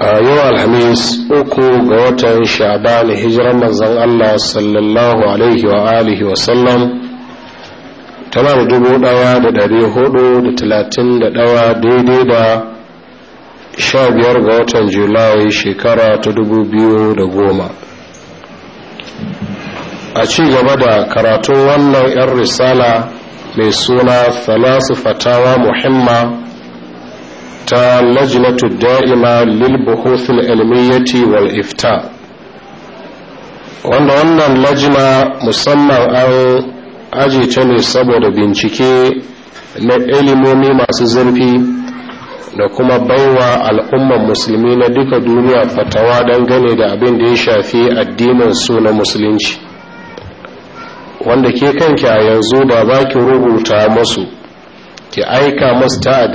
a yau alhamis uku ga watan sha'ban hijirar manzon Allah sallallahu alaihi wa alihi wa sallam tana da dubu daya da dari hudu da talatin da daya daidai da sha biyar ga watan julai shekara ta dubu biyu da goma a ci gaba da karatun wannan 'yan risala mai suna falasu fatawa muhimma ta lajnatu da'ima lil buhuthil ilmiyyati wal ifta wanda wannan lajina musamman an aji ta ne saboda bincike na ilimomi masu zurfi da kuma baiwa al'umman musulmi na duka duniya fatawa dangane da abin da ya shafi addinin su na musulunci wanda ke kanki a yanzu da za ki rubuta masu ki aika masu ta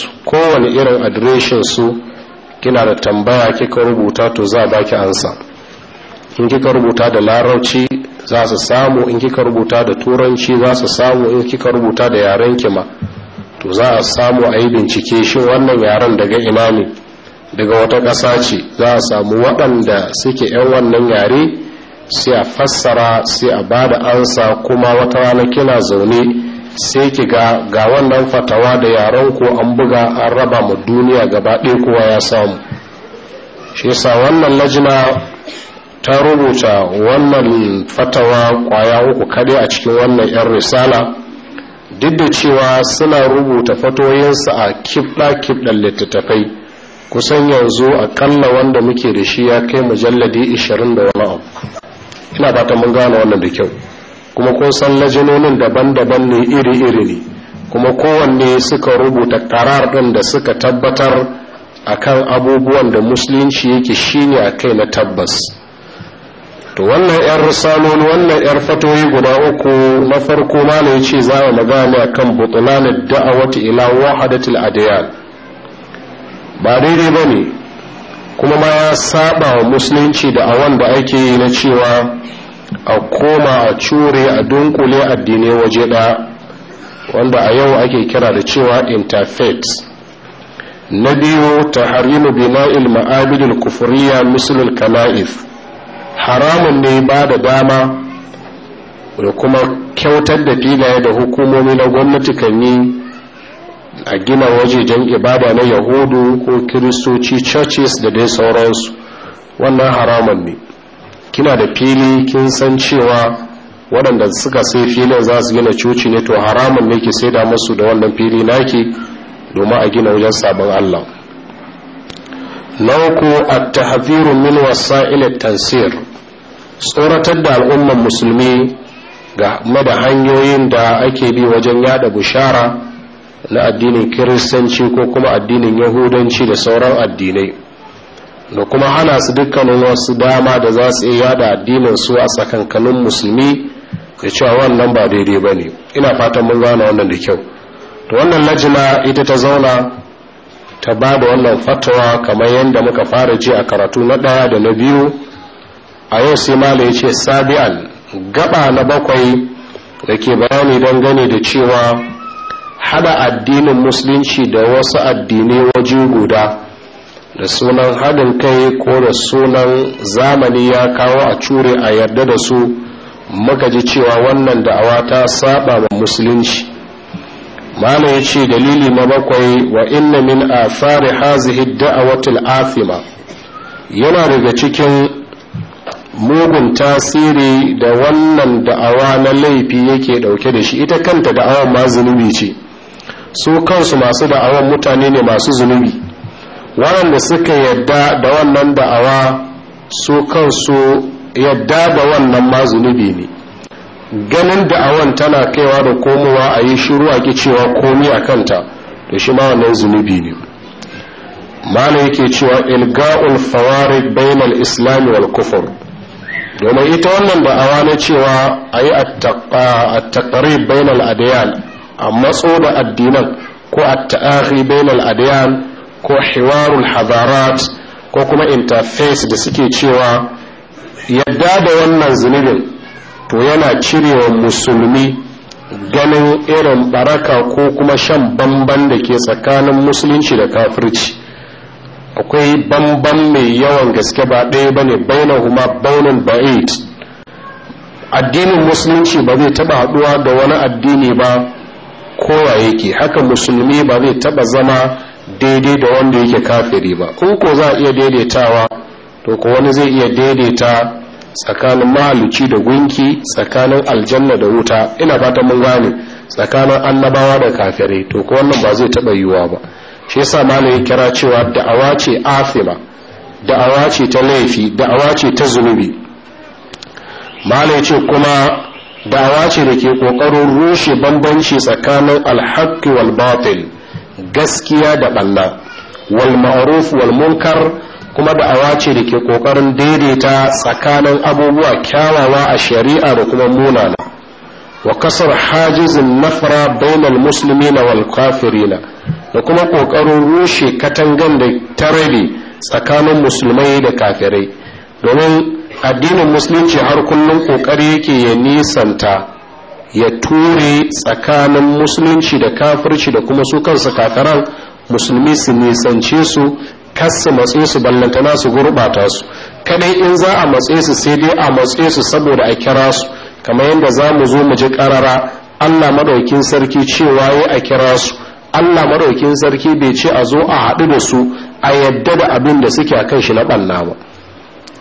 su kowane irin su kina da tambaya kika rubuta to za a baki ansa in kika rubuta da larauci za su samu in kika rubuta da turanci za su samu in kika rubuta da yaren kima to za a samu a yi bincike shi wannan yaren daga ina daga wata ƙasa ce za a samu waɗanda suke 'yan wannan yare sai a fassara sai a ba da ansa kuma wata rana kina zaune sai ki ga ga wannan fatawa da yaron ko an buga an raba mu duniya gaba ɗaya kowa ya samu shi yasa wannan lajina ta rubuta wannan fatawa kwaya uku kadai a cikin wannan 'yan risala duk da cewa suna rubuta fatoyinsa a kibɗa-kibɗan littattafai kusan yanzu a akalla wanda muke da shi ya kai mujalladi 20 da wani abu ina fata mun gane wannan da kyau kuma kun san lajinonin daban-daban ne iri-iri ne kuma kowanne suka rubuta karar ɗin da suka tabbatar akan abubuwan da musulunci yake shine a kai na tabbas to wannan 'yan risalon wannan 'yar fatoyi guda uku na farko ma na ce za a magana akan butulan da'awati ila wahadatul adiyan ba daidai ba ne kuma ma ya saba wa musulunci da a wanda ake yi na cewa a koma a cure a dunkule addinai waje ɗaya wanda a yau ake kira da cewa interfaith na biyu ta harimu bina'il ma'abidul kufuriya misalul kana'if haramun ne ba da dama da kuma kyautar da filaye da hukumomi na gwamnati kan yi a gina waje wajejen ibada na yahudu ko kiristoci churches da dai sauransu wannan haramun ne kina da fili kin san cewa waɗanda suka sai filin za su gina coci ne to haramun ne ki sai da masu da wannan fili naki domin a gina wajen sabon Allah na a at min wasa'il tansir tsoratar da al'umman musulmi ga mada hanyoyin da ake bi wajen yada bushara na addinin kiristanci ko kuma addinin yahudanci da sauran addinai da kuma hana su dukkanin wasu dama da za su iya yada addinin su a tsakankanin musulmi da cewa wannan ba daidai ba ne ina fatan mun gane wannan da kyau to wannan lajina ita ta zauna ta ba da wannan fatawa kamar yadda muka fara ji a karatu na ɗaya da na biyu a yau sai mala ya ce sabi'an gaba na bakwai da ke bayani dangane da cewa hada addinin musulunci da wasu addinai waje guda da sunan haɗin kai ko da sunan zamani ya kawo a cure a yarda da su muka ji cewa wannan da'awa ta saba wa musulunci mana ya ce dalili na bakwai wa inna min hidda hazihi da'awatul afima yana daga cikin mugun tasiri da wannan da'awa na laifi yake ɗauke da shi ita kanta da'awan ma zunubi ce su kansu masu da'awan mutane ne masu zunubi waɗanda suka yadda da wannan da'awa su kansu yadda da wannan ma zunubi ne ganin da'awan tana kaiwa da komowa a yi shiru a cewa komi a kanta da shi ma wannan zunubi ne mana yake cewa ilga'ul fawari bainal islami wal kufur domin ita wannan da'awa na cewa a yi attaƙari bainal adiyan a matso da addinan ko a ta'ari bainal adiyan ko hiwarul hadarat ko kuma interface da suke cewa yadda da wannan zunubin to yana cirewa musulmi ganin irin baraka ko kuma shan bamban da ke tsakanin musulunci da kafirci akwai bamban mai yawan gaske ba ɗaya ba ne kuma baunin ba addinin musulunci ba zai taɓa haɗuwa da wani addini ba kowa yake haka musulmi ba zai taba zama daidai da wanda yake kafiri ba ko ko za a iya daidaitawa to ko wani zai iya daidaita tsakanin mahalici da gunki tsakanin aljanna da wuta ina fata mun gane tsakanin annabawa da kafirai to ko wannan ba zai taba yiwuwa ba shi yasa malam ya kira cewa da'awa ce afila da'awa ce ta laifi da ce ta zunubi malam ce kuma da awace da ke kokarin rushe bambanci tsakanin alhaqqi wal batil gaskiya da ɓanna wal ma'ruf wal munkar kuma da'awa ce da ke ƙoƙarin daidaita tsakanin abubuwa kyawawa a shari'a da kuma munana wa kasar hajizin nafra bainal na wal kafirina da kuma ƙoƙarin rushe katangan da ta tsakanin musulmai da kafirai domin addinin musulunci har kullum ƙoƙari yake ya nisanta ya ture tsakanin musulunci da kafirci da kuma su kansu kafiran musulmi su nisance su kasu matse su ballantana su gurbata su kadai in za a matse su sai dai a matse su saboda a kira su kamar yadda za mu zo mu ji karara allah madaukin sarki cewa ya a kira su allah madaukin sarki bai ce a zo a haɗu da su a yadda da abin da suke a kan shi na ɓalla ba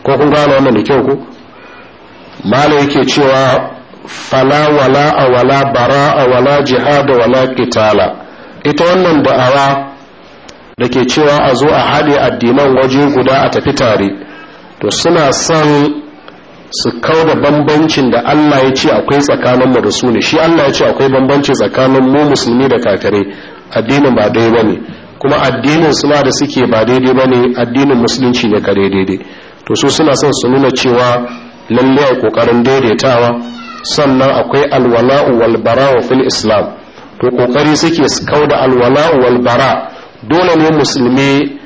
ko kun gane wannan da kyau ko malam yake cewa fala wala wala bara wala jihada wala itala ita wannan da'awa da ke cewa a zo a haɗe addinan waje guda a tafi tare to suna son su kau da bambancin da Allah ya ce akwai tsakaninmu da su ne shi Allah ya ce akwai bambanci tsakanin mu musulmi da kakare addinin ba ɗaya bane kuma addinin suna da suke ba daidai bane addinin musulunci ne kare daidai to su suna son su nuna cewa lallai a kokarin daidaitawa sannan akwai alwala walbara wa fil islam to kokari suke su kauda alwala'u walbara dole ne musulmi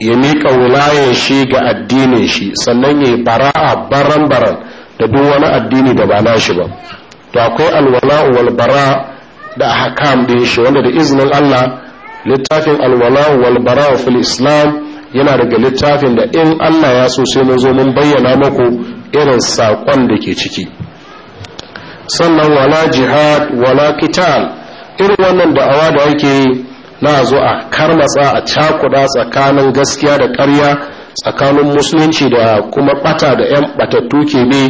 ya miƙa wilayen shi ga addinin shi sannan ya yi bara'a baran baran da duk wani addini da ba shi ba to akwai alwala'u wal da ahkam din shi wanda da izinin Allah littafin alwala'u walbara wa fil islam yana daga littafin da in Allah ya so sai mun zo mun bayyana muku irin saƙon da ke ciki sannan wala jihad wala kital irin wannan da'awa da ake yi na zo a karmatsa a cakuda tsakanin gaskiya da karya tsakanin musulunci da kuma bata da 'yan batattu ke ne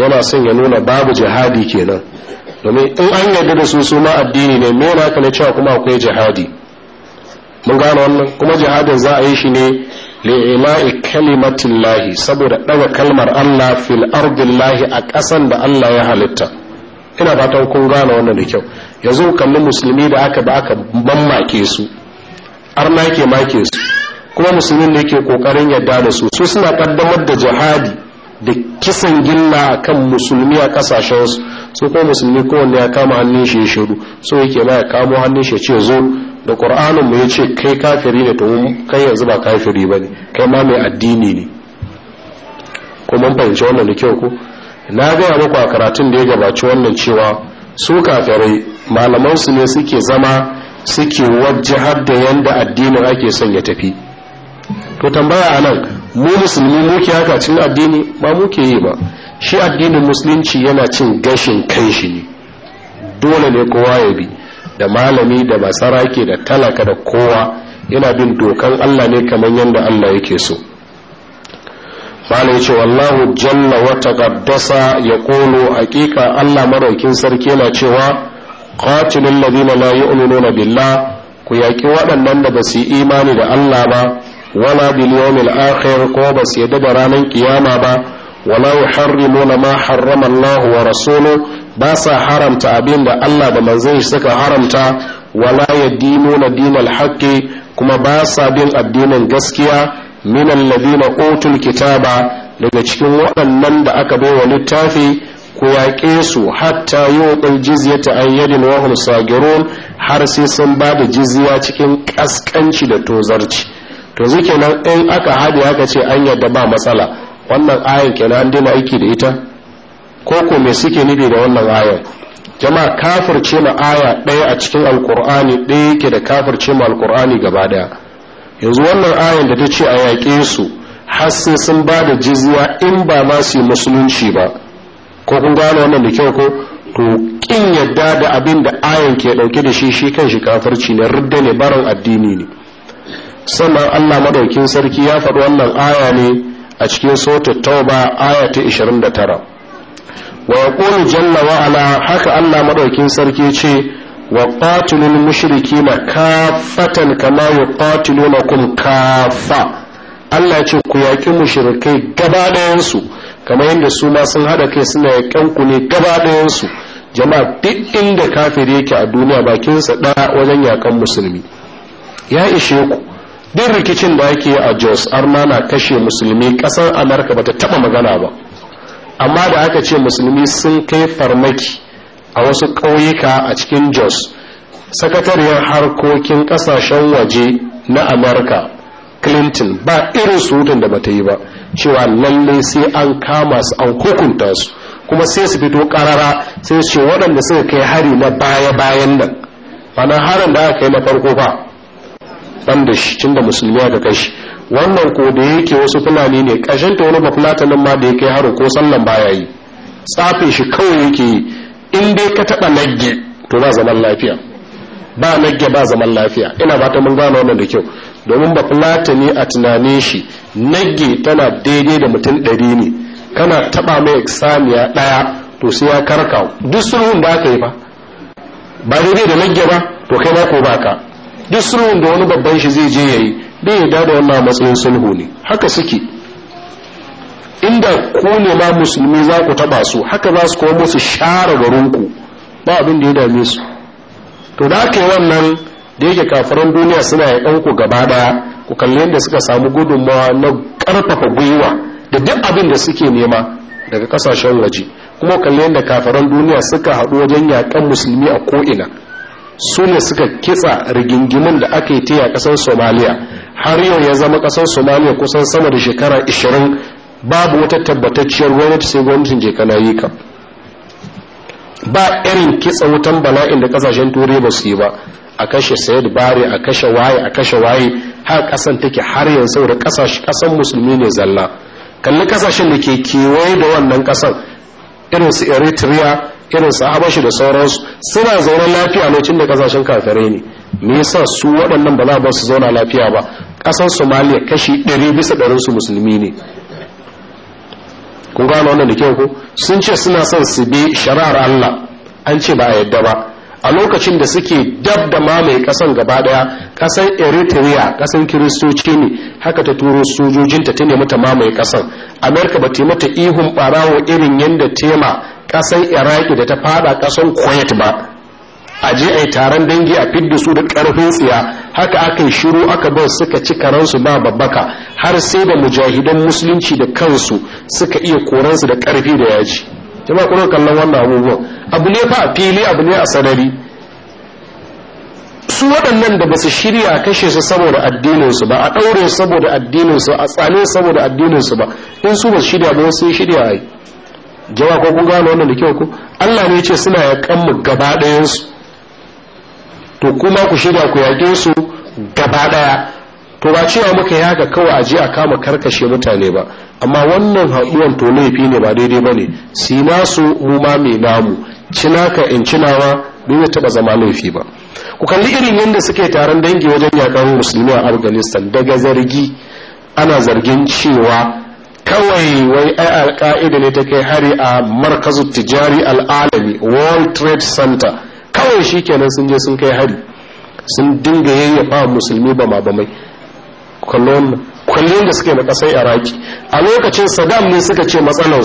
yana son ya nuna babu jihadi kenan domin in an yarda da su suma addini ne me na ne cewa kuma akwai jihadi mun gane wannan kuma jihadin za a yi shi ne li'ila'i kalimatin lahi saboda ɗaga kalmar Allah fil ardillahi a ƙasan da Allah ya halitta ina fatan kun gane wannan da kyau yanzu kalli musulmi da aka ba aka bammake su har make make su kuma musulmin da yake kokarin yadda da su su suna kaddamar da jihadi da kisan gilla kan musulmi a kasashen su su kuma musulmi kowanne ya kama hannun shi ya shiru so yake ba ya kamo hannun shi ya ce zo da qur'anin mu yace kai kafiri ne to kai yanzu ba kafiri bane kai ma mai addini ne ko mun fahimci wannan da kyau ko na gaya muku a karatun da ya gabaci wannan cewa su kafirai malamansu ne suke zama suke har da yadda addinin ake son ya tafi to tambaya anan mu musulmi muke haka cin addini ba muke yi ba shi addinin musulunci yana cin gashin kanshi ne dole ne kowa ya bi da malami da ke da talaka da kowa yana bin dokan Allah ne kamar yadda Allah yake so ya ce wallahu jalla wa taqaddasa yaqulu haqiqa Allah maraukin sarki yana cewa qatilul ladina la yu'minuna billah ku yaki waɗannan da basu imani da Allah ba wala bil yawmil akhir ko basu yadda da ranar kiyama ba wala yuharrimuna ma harrama Allah wa rasuluhu ba sa haramta abin da Allah da manzon shi suka haramta wala yadinuna dinal haqqi kuma ba sa bin addinin gaskiya min alladhina utul kitaba daga cikin waɗannan da aka wa littafi ku yaƙe su hatta yuqul jizyata an yadin wa hum sagirun har sai sun ba da jizya cikin kaskanci da tozarci to kenan in aka hadi aka ce an yadda ba matsala wannan ayan kenan an aiki da ita ko ko me suke nufi da wannan ayan jama'a kafirce ma aya ɗaya a cikin alkur'ani ɗaya yake da kafirce ma alkur'ani gaba ɗaya yanzu wannan ayan da ta ce a yaƙe su har sai sun ba da jizya in ba ma su yi musulunci ba ko kun gane wannan da kyau ko to kin yadda da abin da ayan ke ɗauke da shi shi kan shi kafirci ne ridda ne barin addini ne sannan Allah madaukin sarki ya faɗi wannan aya ne a cikin sautar tauba aya ta 29 wa yaqulu jalla wa haka Allah madaukin sarki ce وقاتلوا المشركين كافة كما يقاتلونكم كافة Allah ce ku yaƙi mushrikai gaba ɗayansu kamar yadda su ma sun haɗa kai suna yaƙan ku ne gaba ɗayansu jama'a duk inda kafiri yake a duniya bakinsa ɗaya wajen yaƙan musulmi ya ishe ku duk rikicin da ake a Jos arna na kashe musulmi ƙasar Amurka bata taɓa magana ba amma da aka ce musulmi sun kai farmaki a wasu ƙauyuka a cikin jos sakatariyar harkokin ƙasashen waje na amurka clinton ba irin sutun da bata yi ba cewa lalle sai an kama su an hukunta su kuma sai su fito karara sai su ce waɗanda suka kai hari na baya-bayan nan ana harin da aka kai na farko ba ɗan da shi tun da musulmi aka shi wannan ko da yake wasu fulani ne ƙashin ta wani bafulatanin ma da ya kai harin ko sallan baya yi tsafin shi kawai yake yi in dai ka taba nagge to ba zaman lafiya ba nagge ba zaman lafiya ina ba ta mun gano wannan da kyau domin ba fulatani a tunanin shi nagge tana daidai da mutum ɗari ne kana taba mai examiya ɗaya to sai ya karka duk sulhun da aka yi ba ba daidai da nagge ba to kai ba ko ba ka duk sulhun da wani babban shi zai je ya yi yarda da wannan matsayin sulhu ne haka suke inda ku ne ma musulmi za ku taba su haka za su kuma musu share garinku ba abin da ya dame su to da aka wannan da yake kafiran duniya suna ya ku gaba daya ku kalli yadda suka samu gudunmawa na ƙarfafa gwiwa da duk abin da suke nema daga ƙasashen waje kuma kalli yadda kafiran duniya suka haɗu wajen yaƙan musulmi a ko'ina su ne suka kitsa rigingimin da aka yi ta a somaliya har yau ya zama ƙasar somaliya kusan sama da shekara babu wata tabbatacciyar gwamnati sai gwamnatin je kana yi ka ba irin kitsa wutan bala'in da kasashen turai ba su yi ba a kashe sayid bare a kashe waye a kashe waye har kasan take har yanzu da kasan musulmi ne zalla kalli kasashen da ke kewaye da wannan kasan irin su eritrea irin su habashi da sauransu suna zaune lafiya lokacin da kasashen kafare ne me yasa su waɗannan ba za su zauna lafiya ba kasan somaliya kashi ɗari bisa ɗarin su musulmi ne kun gano wannan da kyau ko sun ce suna son su bi shari'ar Allah an ce ba a yadda ba a lokacin da suke dab da mamaye kasan gaba daya kasan eritrea kasan kiristoci ne haka ta turo sojojinta ta nemi ta mamaye kasan amerika ba ta mata ihun barawo irin yadda tema kasan iraki da ta fada kasan kuwait ba a je a yi taron dangi a fidda su da karfin tsiya haka aka yi shiru aka bar suka ci karansu ba babbaka har sai da mujahidan musulunci da kansu suka iya koransu da karfi da yaji jama'a kuma kallon wannan abubuwan abu ne fa a fili abu ne a sarari su waɗannan da ba su shirya kashe su saboda addininsu ba a ɗaure saboda addininsu a tsane saboda addininsu ba in su ba su shirya ba sai shirya ai jama'a ko kun gane wannan da kyau ku Allah ne ya ce suna yakan mu gaba su to kuma ku shirya ku yaƙe su gaba ɗaya to ba cewa muka yi yaga kawai a je a kama karkashe mutane ba amma wannan haɗuwan to laifi ne ba daidai ba ne si nasu mu mai namu cinaka in cinawa bai taɓa zama laifi ba ku kalli irin yadda suke taron dangi wajen yaƙar musulmi a afghanistan daga zargi ana zargin cewa kawai wai ai alka'ida ne ta kai hari a markazu tijari al'alami world trade center kawai shi kenan sun je sun kai hari sun dinga yayyafa musulmi ba ma ba mai kallon kullun da suke na kasar iraki a lokacin saddam ne suka ce matsalar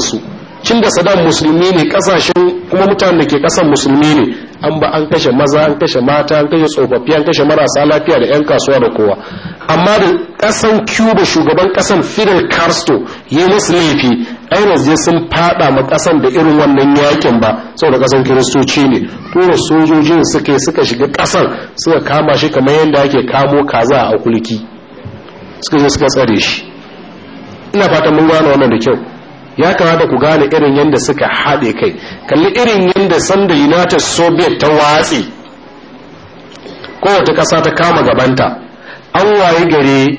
cin da saddam musulmi ne kasashen kuma mutanen da ke kasan musulmi ne an ba an kashe maza an kashe mata an kashe tsofaffi an kashe marasa lafiya da 'yan kasuwa da kowa amma da kasan cuba shugaban kasan fidel castro ya musu laifi ainihin zai sun fada ma kasan da irin wannan yakin ba saboda kasan kiristoci ne tura sojojin suka suka shiga kasan suka kama shi kamar yadda ake kamo kaza a kulki suka je suka tsare shi ina fata mun gano wannan da kyau ya kamata ku gane irin yadda suka haɗe kai kalli irin yadda sanda united soviet ta watsi kowace ƙasa ta kama gabanta an waye gare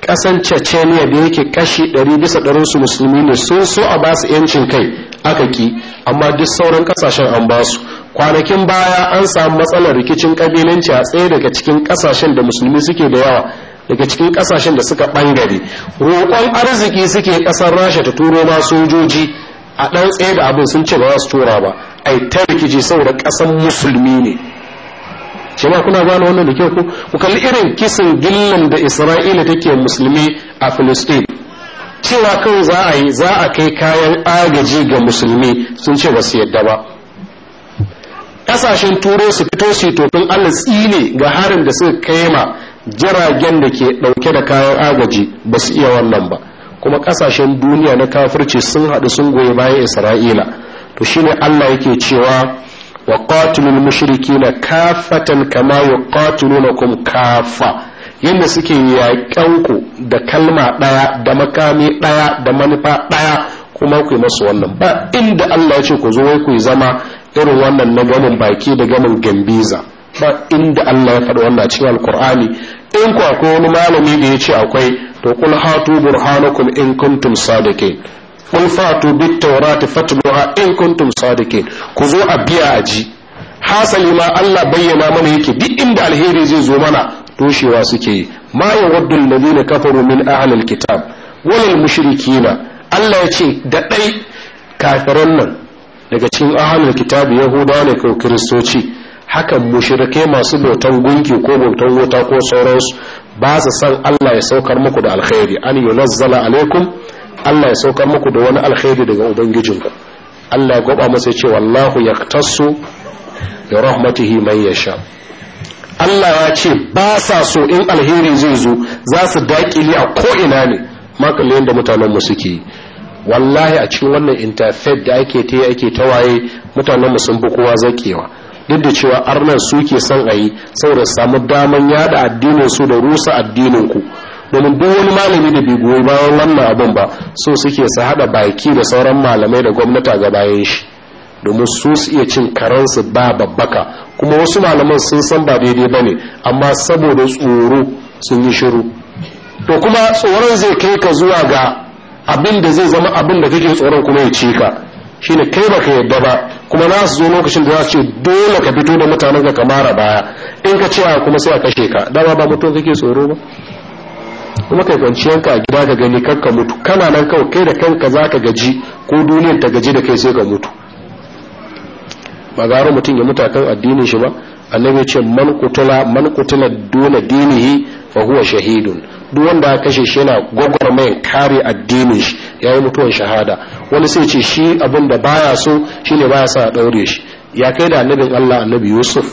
ƙasan chechenia da yake kashi 100 bisa ɗarinsu musulmi ne sun so a ba su yancin kai aka ki amma duk sauran ƙasashen an ba su kwanakin baya an samu matsalar rikicin ƙabilanci a tsaye daga cikin ƙasashen da musulmi suke da yawa daga cikin kasashen da suka bangare roƙon arziki suke ƙasar rasha ta turo ma sojoji a ɗan tsaye da abin sun ce ba za su tura ba ai ta rikici saboda ƙasar musulmi ne jama'a kuna gane wannan da kyau ko ku kalli irin kisan gillan da isra'ila take musulmi a filistin cewa kan za a yi za a kai kayan agaji ga musulmi sun ce ba su yadda ba kasashen Turo su fito su tofin allah tsine ga harin da suka ma. jiragen da ke ɗauke da kayan agaji ba su iya wannan ba kuma ƙasashen duniya na kafirci sun haɗu sun goyi bayan isra'ila to shine allah yake cewa wa mushiriki na kafatan kama yuqatilunakum kafa yadda suke yaƙen da kalma ɗaya da makami ɗaya da manufa ɗaya kuma ku yi masu wannan ba inda allah ya ce ku zo wai ku zama irin wannan na gamin baki da gamin gambiza ba inda Allah ya faɗi wannan cikin alkur'ani in ku akwai wani malami da ya ce akwai to kul hatu burhanakum in kuntum sadiqin kul fatu bit tawrati fatluha in kuntum sadiqin ku zo a biya ji hasali ma Allah bayyana mana yake duk inda alheri zai zo mana toshewa suke yi ma yawaddu ladina kafaru min ahlil kitab wal mushrikina Allah ya ce da dai kafiran nan daga cikin ahlul kitab yahudawa ne ko kiristoci hakan mushrikai masu bautan gunki ko bautan wuta ko sauransu ba su san Allah ya saukar muku da alkhairi an yunazzala alaikum Allah ya saukar muku da wani alkhairi daga ubangijinku Allah ya goba masa ce wallahu yaktasu bi rahmatihi man yasha Allah ya ce ba sa so in alheri zai zo za su daƙili a ko'ina ne makalin da mutanenmu suke yi wallahi a cikin wannan interfaith da ake ta ake tawaye mutanenmu sun bi kowa zakewa duk da cewa arnan suke son a yi saboda samu daman yada addinin su da rusa addinin ku domin duk wani malami da bigoyi bayan wannan abin ba so suke su hada baki da sauran malamai da gwamnati ga bayan shi domin su su iya cin karansu ba babbaka kuma wasu malaman sun san ba daidai ba ne amma saboda tsoro sun yi shiru to kuma tsoron zai kai ka zuwa ga abin da zai zama abin da kake tsoron kuma ya ce ka shine kai baka yadda ba kuma na su zo lokacin da za su ce dole ka fito da mutanen ka kamara baya in ka ce a kuma sai a kashe ka dama ba mutum kake tsoro ba kuma kai kwanciyanka a gida ka gani kanka mutu kana nan kawai kai da kanka za ka gaji ko duniyar ta gaji da kai sai ka mutu ba gara mutum ya mutu akan addinin shi ba annabi ce man kutula man kutula dole dinihi wa huwa shahidun duk wanda aka kashe shi yana gwagwarmayin kare addinin shi yi mutuwan shahada wani sai ce shi abin da baya so shine baya sa daure shi ya kai da annabin Allah annabi Yusuf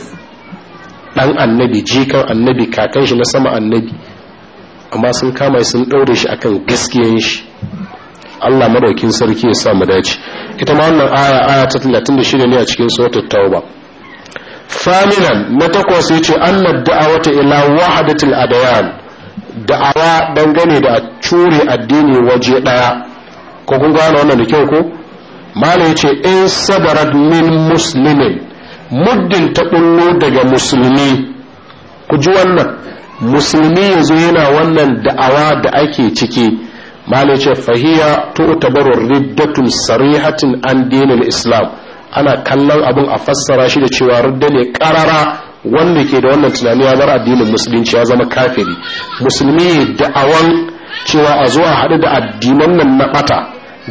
dan annabi jikan annabi kakan shi na sama annabi amma sun kama sun daure shi akan gaskiyan shi Allah madaukin sarki ya sa mu dace ita ma wannan aya aya ta 36 ne a cikin suratul tauba Faminan na takwas ya ce an da'awata ila wahadatul adayan da'awa dangane da cure addini waje ɗaya ko kun gano wannan da kyau ko malam ya ce in sabarat min muslimin muddin ta bullo daga musulmi ku ji wannan musulmi yanzu yana wannan da'awa da ake ciki malam ya ce fahiya tu'tabaru riddatun sarihatin an dinil islam ana kallon abin a fassara shi da cewa rudda ne karara wanda ke da wannan tunani ya bar addinin musulunci ya zama kafiri musulmi da'awan cewa a zo a haɗu da addinan nan na ɓata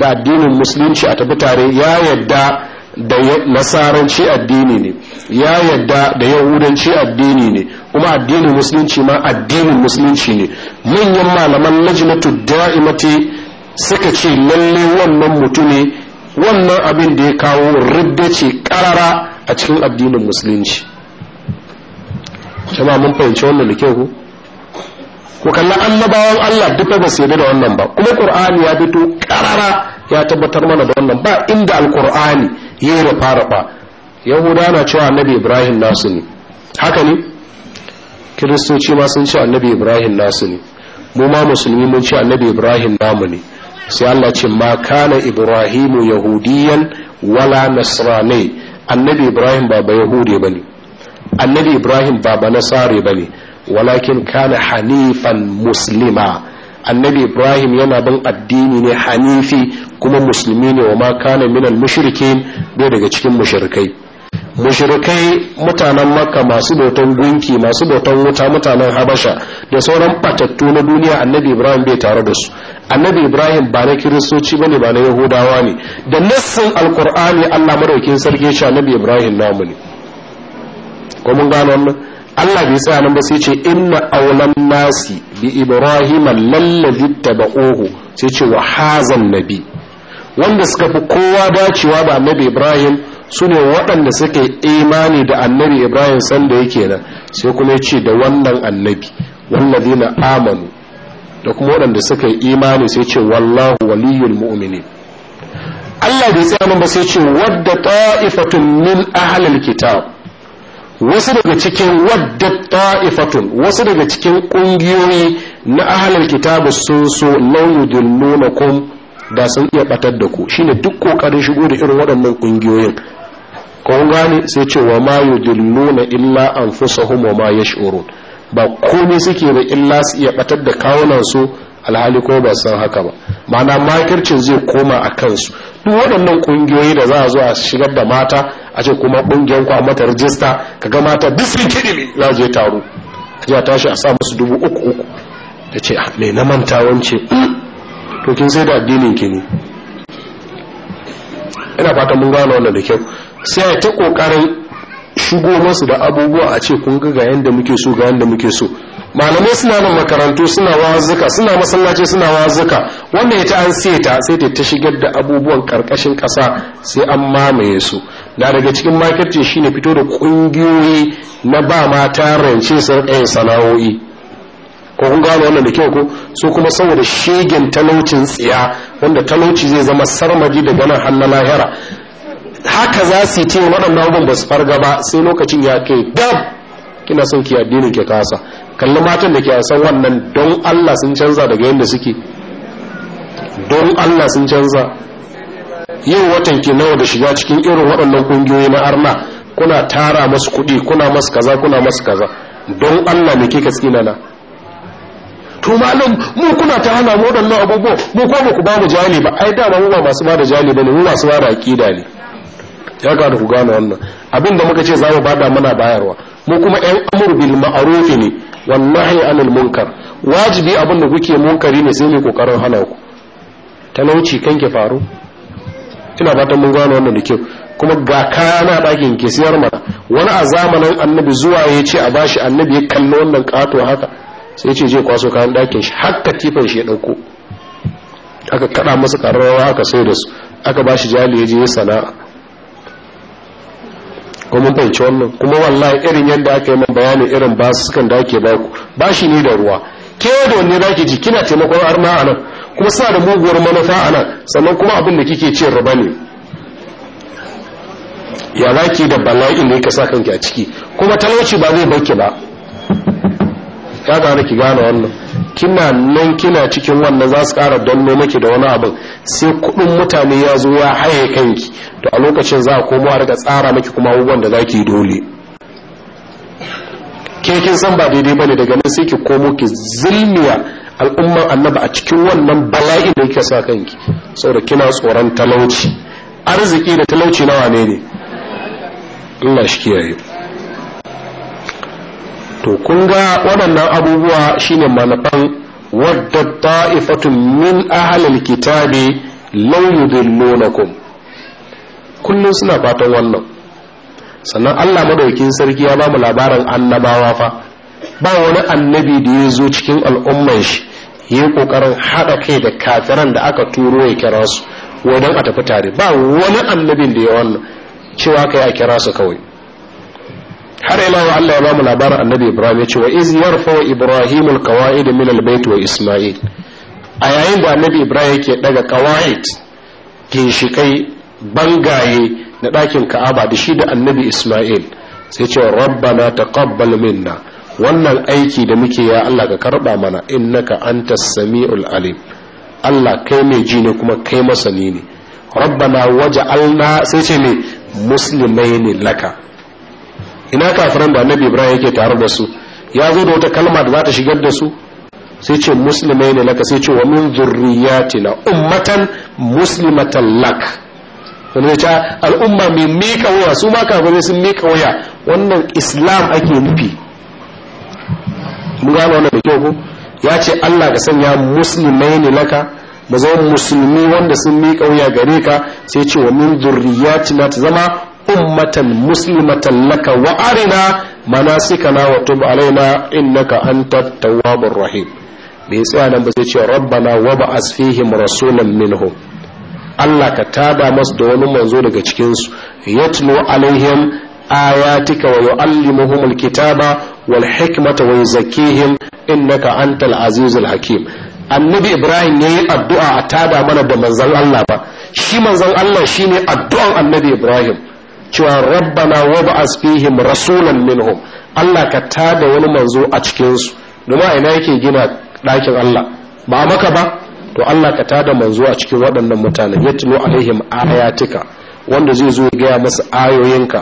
da addinin musulunci a tafi tare ya yadda da nasaranci addini ne ya yadda da yahudanci addini ne kuma addinin musulunci ma addinin musulunci ne manyan malaman najmatu da'imati suka ce lalle wannan ne wannan abin da ya kawo ridda ce karara a cikin addinin musulunci ma mun fahimci wannan da kyau ko kalla annabawan Allah duka ba su da wannan ba kuma Qur'ani ya fito karara ya tabbatar mana da wannan ba inda alqur'ani yi fara ba yahuda na cewa annabi Ibrahim nasu ne haka ne kiristoci ma sun ce annabi Ibrahim nasu ne mu ma musulmi mun ce annabi Ibrahim namu ne sai Allah ce ma kana ibrahimu yahudiyan wala nasrani annabi ibrahim ba ba yahudi bane annabi ibrahim ba ba nasare bane walakin kana hanifan muslima annabi ibrahim yana bin addini ne hanifi kuma musulmi ne wa ma kana minal mushrikin bai daga cikin mushrikai mushrikai mutanen makka masu bautan gunki masu bautan wuta mutanen habasha da sauran fatattu na duniya annabi ibrahim bai tare da su annabi ibrahim ba na kiristoci bane ba na yahudawa ne da nassin alkur'ani allah madaukin sarki shi annabi ibrahim namu ne ko mun gano wannan allah bai tsaya nan ba sai ce inna aulan nasi bi ibrahim lallazi tabauhu sai ce wa hazan nabi wanda suka fi kowa dacewa da annabi ibrahim su ne waɗanda suka yi imani da annabi ibrahim sanda yake nan sai kuma ce da wannan annabi wallazi na amanu da kuma waɗanda suka yi imani sai ce wallahu waliyul mu'mini Allah bai tsaya ba sai ce wadda ta'ifatun min ahlil kitab wasu daga cikin wadda ta'ifatun wasu daga cikin kungiyoyi na ahlil kitab sun so law yudillunakum da sun iya batar da ku shine duk kokarin shigo da irin waɗannan kungiyoyin kun gane sai ce wa ma yudilluna illa anfusahum wa ma yash'urun ba komai suke ba illa su iya batar da kawunan su alhali ko ba san haka ba mana makircin zai koma a kansu duk waɗannan ƙungiyoyi da za a zo a shigar da mata a ce kuma kungiyar ku a mata rijista ka ga mata duk sun kiɗi za je taro a ji a tashi a sa musu dubu uku uku ta ce ah, me na manta wance to kin sai da addinin ki ne ina fatan mun gane wannan da kyau sai ta kokarin shigo masu da abubuwa a ce kun ga yanda muke so ga yanda muke so malamai suna nan makarantu suna wazuka suna masallaci suna wazuka wanda ya ta an ta sai ta ta shigar da abubuwan karkashin kasa sai an mamaye su da daga cikin makirci shine fito da kungiyoyi na ba mata rance su rika sana'o'i ko kun gano wannan da kyau ko su kuma saboda shegen talaucin tsiya wanda talauci zai zama sarmaji daga nan har na lahira haka za su yi waɗannan abubuwan ba su farga ba sai lokacin ya kai dab kina son ki addinin ki kasa kalli matan da ke san wannan don Allah sun canza daga yadda suke don Allah sun canza yin watan ki nawa da shiga cikin irin waɗannan kungiyoyi na arna kuna tara masu kuɗi kuna masu kaza kuna masu kaza don Allah me tsina na to malam mu kuna ta hana mu waɗannan abubuwa mu ko ba ku ba mu jali ba ai da mu ba masu ba da jali ne mu masu ba da aqida ne ya kada ku gane wannan abin da muka ce za mu bada mana bayarwa mu kuma yan amur bil ma'ruf ne wallahi anil munkar wajibi abin da kuke munkari ne sai ne kokarin hana ku talauci kan ke faru ina fatan mun gane wannan da kyau kuma ga kaya na dakin ke siyar mana wani a annabi zuwa ya ce a bashi annabi ya kalli wannan kato haka sai ya ce je kwaso kayan dakin shi haka tifan shi ya ɗauko aka kaɗa masa karrawa aka sai da su aka bashi jali ya je sana'a ko mun fahimci wannan kuma wallahi irin yadda aka yi min bayani irin sukan da ake baku bashi ne da ruwa ke da wanne za ki ji kina taimakon arna a nan kuma suna da muguwar manufa a nan sannan kuma abin da kike ce riba ne ya za ki da bala'in ne ya sa kanki a ciki kuma talauci ba zai baki ba ka gane ki gane wannan kina nan kina cikin wannan za su ƙara danno maki da wani abu sai kudin mutane ya zo ya haye kanki to a lokacin za a komo a riga tsara maki kuma abubuwan da za ki yi dole ke kin san ba daidai bane daga nan sai ki komo ki zilmiya al'umman annaba a cikin wannan bala'i da yake sa kanki saboda kina tsoron talauci arziki da talauci nawa ne ne Allah shi kiyaye to kun ga waɗannan abubuwa shine manufan wadda ta'ifatun min ahalil kitabi law yudillunakum kullum suna fatan wannan sannan Allah madaukin sarki ya bamu labarin annabawa fa ba wani annabi da ya zo cikin al'ummar shi yi kokarin haɗa kai da kafiran da aka turo ya kira su wadan a tafi tare ba wani annabin da ya wannan cewa kai a kira su kawai har ila wa Allah ya ba mu labarin annabi Ibrahim ya ce wa iz yarfa Ibrahim Al-Kawai al-qawaid min al al-bayt wa Isma'il a yayin da annabi Ibrahim yake daga qawaid ginshikai bangaye na ɗakin Ka'aba da shi da annabi Isma'il sai ce rabbana taqabbal minna wannan aiki da muke ya Allah ka karba mana innaka antas samiul alim Allah kai mai ji ne kuma kai masani ne rabbana waja'alna sai ce ne muslimaini laka ina kafiran da annabi ibrahim yake tare da su ya zo da wata kalma da za ta shigar da su sai ce musulmai ne laka sai ce wa min zurriyatina ummatan muslimatan lak wani ya ce ah, al'umma mai mika waya su ma kafin sun mika waya wannan islam ake nufi mun gano wannan da kyau ko ya ce Allah ka sanya musulmai ne laka mu zama musulmi wanda sun miƙa waya gare ka sai ce wa min zurriyatina ta zama ummatan muslimatan laka wa arina manasikana wa tub in innaka antat tawwabur rahim bai tsaya nan ba sai ce rabbana wa ba'as rasulan minhum Allah ka tada masu da wani manzo daga cikinsu yatlu alaihim ayatika wa yu'allimuhum alkitaba wal hikmata wa yuzakkihim innaka antal azizul hakim annabi ibrahim ne addu'a a tada mana da manzon Allah ba shi manzon Allah shine addu'an annabi ibrahim cewa rabbana wab'as fihim rasulan minhum Allah ka tada wani manzo a cikin su domin ina yake gina dakin Allah ba maka ba to Allah ka tada manzo a cikin waɗannan mutane yatlu alaihim ayatika wanda zai zo gaya masu ayoyinka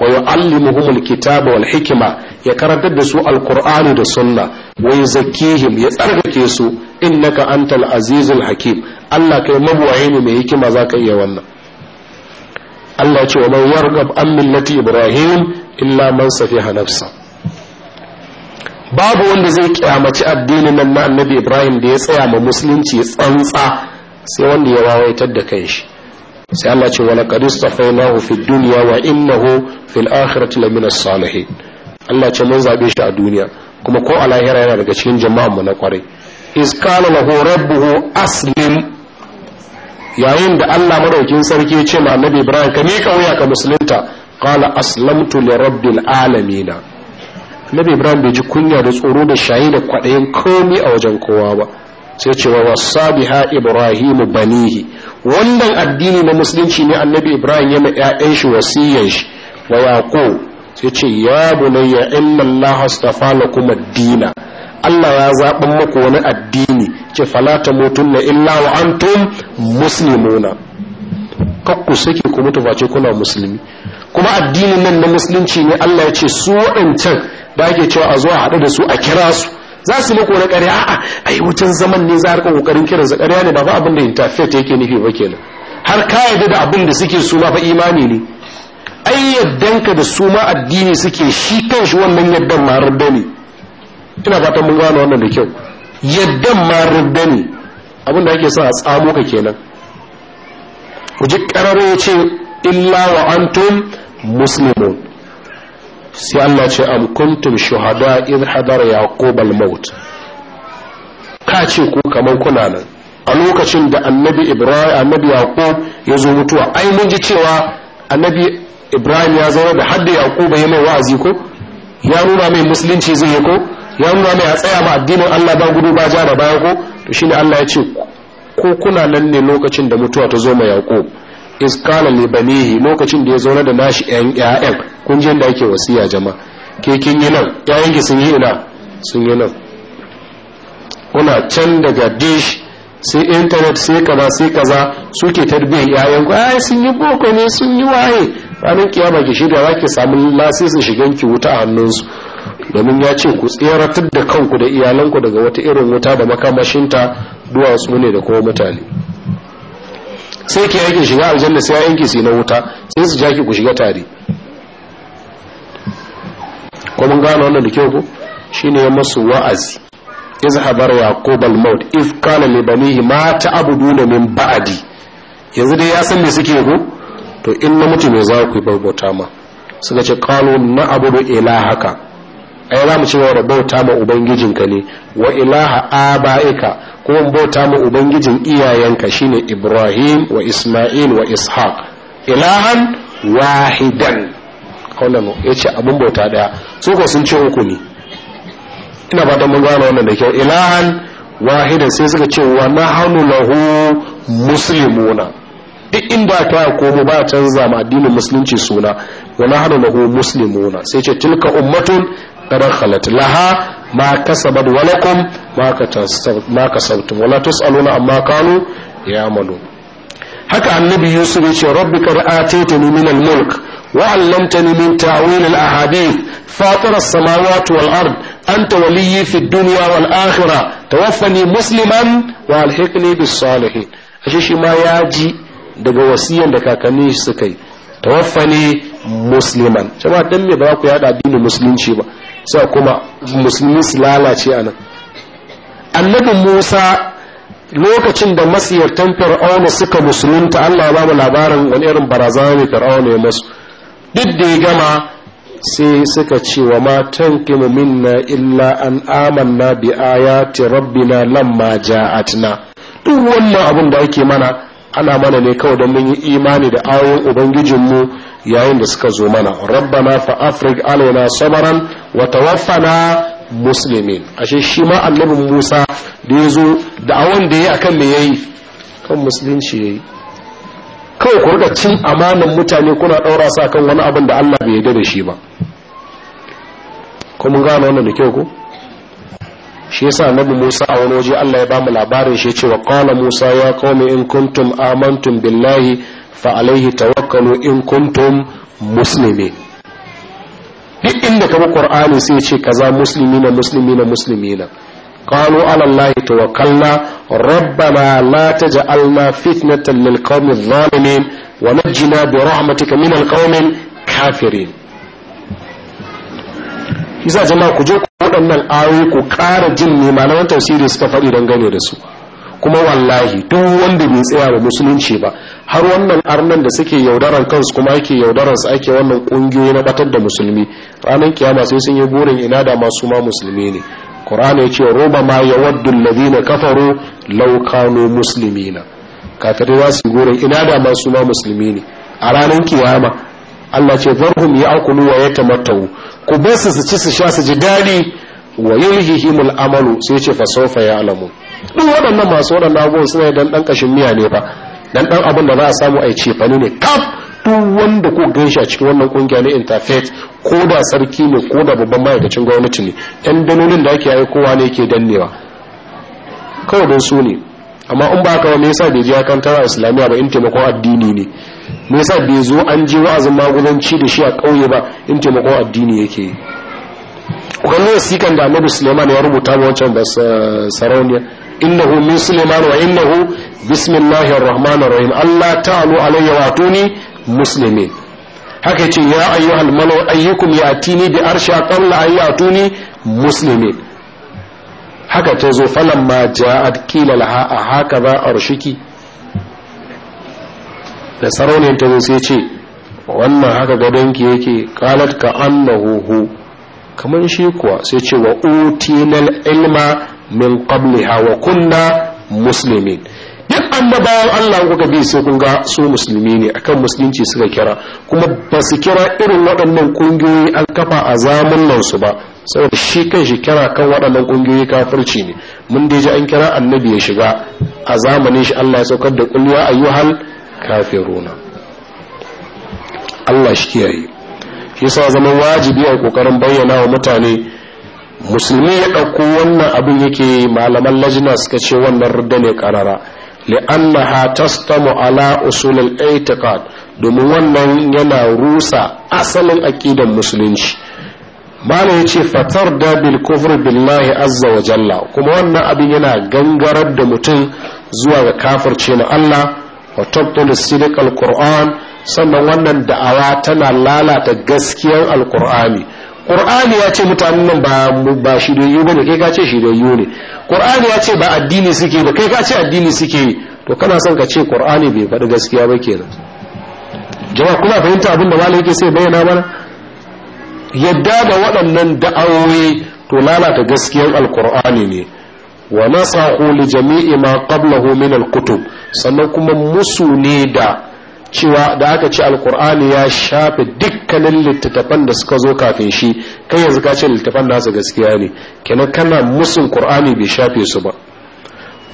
wa yu'allimuhum alkitaba wal hikima ya karantar da su alqur'ani da sunna wa yuzakkihim ya tsarkake su innaka antal azizul hakim Allah kai mabuwaye ne mai hikima zaka iya wannan Allah ce wa man yargab an millati ibrahim illa man safiha nafsa babu wanda zai kiyamaci addinin nan na annabi ibrahim da ya tsaya ma musulunci tsantsa sai wanda ya wawaitar da kanshi sai Allah ce wa laqad istafaynahu fid dunya wa innahu fil akhirati lamina salihin Allah ce mun zabe shi a duniya kuma ko a lahira yana daga cikin jama'an mu na kwarai iz qala lahu rabbuhu aslim yayin da Allah madaukin sarki ya ce ma annabi Ibrahim ka mika wuya ka musulunta qala aslamtu li rabbil alamin annabi Ibrahim bai ji kunya da tsoro da shayi da kwaɗayin komi a wajen kowa ba sai cewa wasabiha Ibrahim banihi wannan addini na musulunci ne annabi Ibrahim ya ma ƴaƴan shi wasiyan shi wa yaqo sai ce ya bunayya inna Allah astafa lakum ad-dina Allah ya zaɓin muku wani addini ce falata mutum na illa wa antum muslimuna kakku sake ku mutu face kuna musulmi kuma addinin nan na musulunci ne Allah ya ce su waɗancan da ake cewa a zuwa haɗu da su a kira su za su muku wani ƙarya a'a ai wucin zaman ne za a rika kokarin kiran su ƙarya ne ba fa abin da yake nufi ba kenan har ka da abin da suke su ma fa imani ne ai yaddanka da su ma addini suke shi kan shi wannan yaddan ma ne ina fatan mun gano wannan da kyau yaddan ma rubda ne abinda ake sa a tsamo ka kenan ku ji kararo ya ce illa wa antum muslimun sai Allah ce am kuntum shuhada idh hadara yaqub al maut ka ce ku kamar kuna nan a lokacin da annabi ibrahim annabi yaqub ya zo mutuwa ai mun ji cewa annabi ibrahim ya zo da hadda yaqub ya mai wa'azi ko ya nuna mai musulunci zai ko ya nuna mai a tsaya ba addinin Allah ba gudu ba ja da baya ko to shine Allah ya ce ko kuna nan ne lokacin da mutuwa ta zo ma yaqub is qala li banihi lokacin da ya zauna da nashi ƴan ƴaƴan kun ji yanda yake wasiya jama'a ke kin yi nan ƴaƴan ki sun yi ina sun yi nan kuna can daga dish sai internet sai kaza sai kaza suke tarbiyyar ƴaƴan ku ai sun yi boko ne sun yi waye ranar kiyama ki shirya zaki samu lasisin shigan ki wuta a hannunsu domin ya ce ku tseratar da kanku da iyalanku daga wata irin wuta da makamashinta duwatsu ne da kowa mutane sai ke yake shiga aljanna sai ya yanke sai na wuta sai su jaki ku shiga tare ko gano wannan da kyau shi ne ya masu wa'azi izhabar ya kobal maut if kana li banihi ma duna min ba'adi yanzu dai ya san me suke ku to in na mutu me za ku yi bauta ma suka ce kano na ila haka. ai za mu ci gaba da bauta ma ubangijinka ne wa ilaha aba'ika kuma bauta ma ubangijin iyayenka shine ibrahim wa isma'il wa ishaq ilahan wahidan kaunan ya ce abin bauta daya su ko sun ce uku ne ina ba mun gane wannan da kyau ilahan wahidan sai suka ce wa nahanu lahu muslimuna duk inda ta komo ba canza ma addinin musulunci suna wa nahnu lahu muslimuna sai ce tilka ummatun kada khalat laha ma kasabat walakum ma kasabtum wala tusaluna amma kanu ya'malu haka annabi yusuf yace rabbika da min al-mulk wa 'allamtani min ta'wil al-ahadith fatir as-samawati wal-ard anta waliyyi fi ad-dunya wal-akhirah tawaffani musliman wa alhiqni bis-salihin ashe shi ma yaji daga wasiyan da kakanni suka yi tawaffani musliman jama'a dan me ba ku yada addinin musulunci ba sai kuma musulmi su lalace a nan annabin musa lokacin da masiyartan fir'auna suka musulunta allah ba bamu labarin wani irin barazana ne fir'auna ya masu duk da ya gama sai suka ce wa matan kimu minna illa an amanna bi ayati rabbina lamma ja'atna duk wannan abun da ake mana ana mana ne kawai don mun yi imani da ayoyin ubangijinmu yayin da suka zo mana rabbana fa afrig alaina sabaran wa tawaffana muslimin ashe shi ma annabi Musa da ya zo da awon da yayi akan me yayi kan musulunci yayi kawai ku rika cin amanan mutane kuna daura su kan wani abin da Allah bai yarda da shi ba ko mun gane wannan da kyau ko shi yasa annabi Musa a wani waje Allah ya bamu labarin shi cewa qala Musa ya qaumi in kuntum amantum billahi fa alaihi tawakkalu in kuntum muslimin duk inda kaba qur'ani sai ce kaza muslimina muslimina muslimina قالوا على الله توكلنا ربنا لا تجعلنا فتنة للقوم الظالمين ونجنا برحمتك من القوم الكافرين إذا ku كجوك waɗannan ayoyi ku ƙara jin ne malaman tausiri suka faɗi don gane da su kuma wallahi duk wanda bai tsaya da musulunci ba har wannan arnan da suke yaudarar kansu kuma ake yaudarar su ake wannan ƙungiyoyi na batar da musulmi ranar kiyama sai sun yi burin ina da masu ma musulmi ne qur'ani ya ce roba ma ya yawaddu alladhina kafaru law kanu muslimina kafirai za su yi ina da masu ma musulmi ne a ranar kiyama Allah ce ya akulu wa yatamattau ku bar su su ci su sha su ji dadi wa yulhihimul amalu sai ce fa sawfa ya'lamu duk waɗannan masu waɗannan abubuwan suna dan dan kashin miya ne fa dan dan abin da za a samu ai cefane ne kaf duk wanda ko ganshi a cikin wannan kungiya ne interfaith ko da sarki ne ko da babban ma'aikacin gwamnati ne yan dalolin da ake yi kowa ne yake dannewa kawai don su ne amma in ba kawai me yasa bai je kan tara islamiyya ba in taimakon addini ne me yasa bai zo an je wa'azin magudanci da shi a ƙauye ba in taimakon addini yake yi kwallo sikan da annabi suleiman ya rubuta ma wancan ba eh, sarauniya innahu min suleiman wa innahu bismillahir rahmanir rahim allah ta'alu alayya wa tuni muslimin haka ce ya ayyuhal malau ayyukum yatini bi arsha qabla an yatuni muslimin haka ta zo falamma ja'at qila laha haka ba arshiki da sarauniyar ta zo sai ce wannan haka gadonki yake kalat ka annahu kamar shi kuwa sai ce wa utinal ilma min qabliha wa kunna muslimin duk annabawan Allah kuka bi sai kun ga su musulmi ne akan musulunci suka kira kuma ba su kira irin waɗannan ƙungiyoyi an kafa a zaman nan su ba saboda shi kan shi kira kan waɗannan ƙungiyoyi kafirci ne mun dai ji an kira annabi ya shiga a zamanin shi Allah ya saukar da kulliya ayyuhal kafiruna Allah shi kiyaye shi zama wajibi a kokarin bayyana wa mutane musulmi ya ɗauko wannan abin yake malaman lajina suka ce wannan rudda ne karara li'annaha tastamu ala usulul i'tiqad domin wannan yana rusa asalin aqidan musulunci malam ya ce fatar da kufr billahi azza wa jalla kuma wannan abin yana gangarar da mutum zuwa ga kafirce na Allah wa tabtul sidqal qur'an sannan wannan da'awa tana lalata gaskiyar alkur'ani ƙur'ani ya ce mutanen nan ba shidayyu ba ne kai ka ce shidayyu ne ƙur'ani ya ce ba addini suke ba kai ka ce addini suke yi to kana son ka ce ƙur'ani bai faɗi gaskiya ba kenan jama'a kuma fahimta abin da malam yake sai bayyana mana yadda da waɗannan da'awoyi to lalata gaskiyar alkur'ani ne wa nasahu li jami'i ma qablahu min alkutub sannan kuma musu ne da cewa da aka ce alkur'ani ya shafe dukkanin littattafan da suka zo kafin shi kai yanzu ka ce littattafan nasa gaskiya ne kenan kana musun qur'ani bai shafe su ba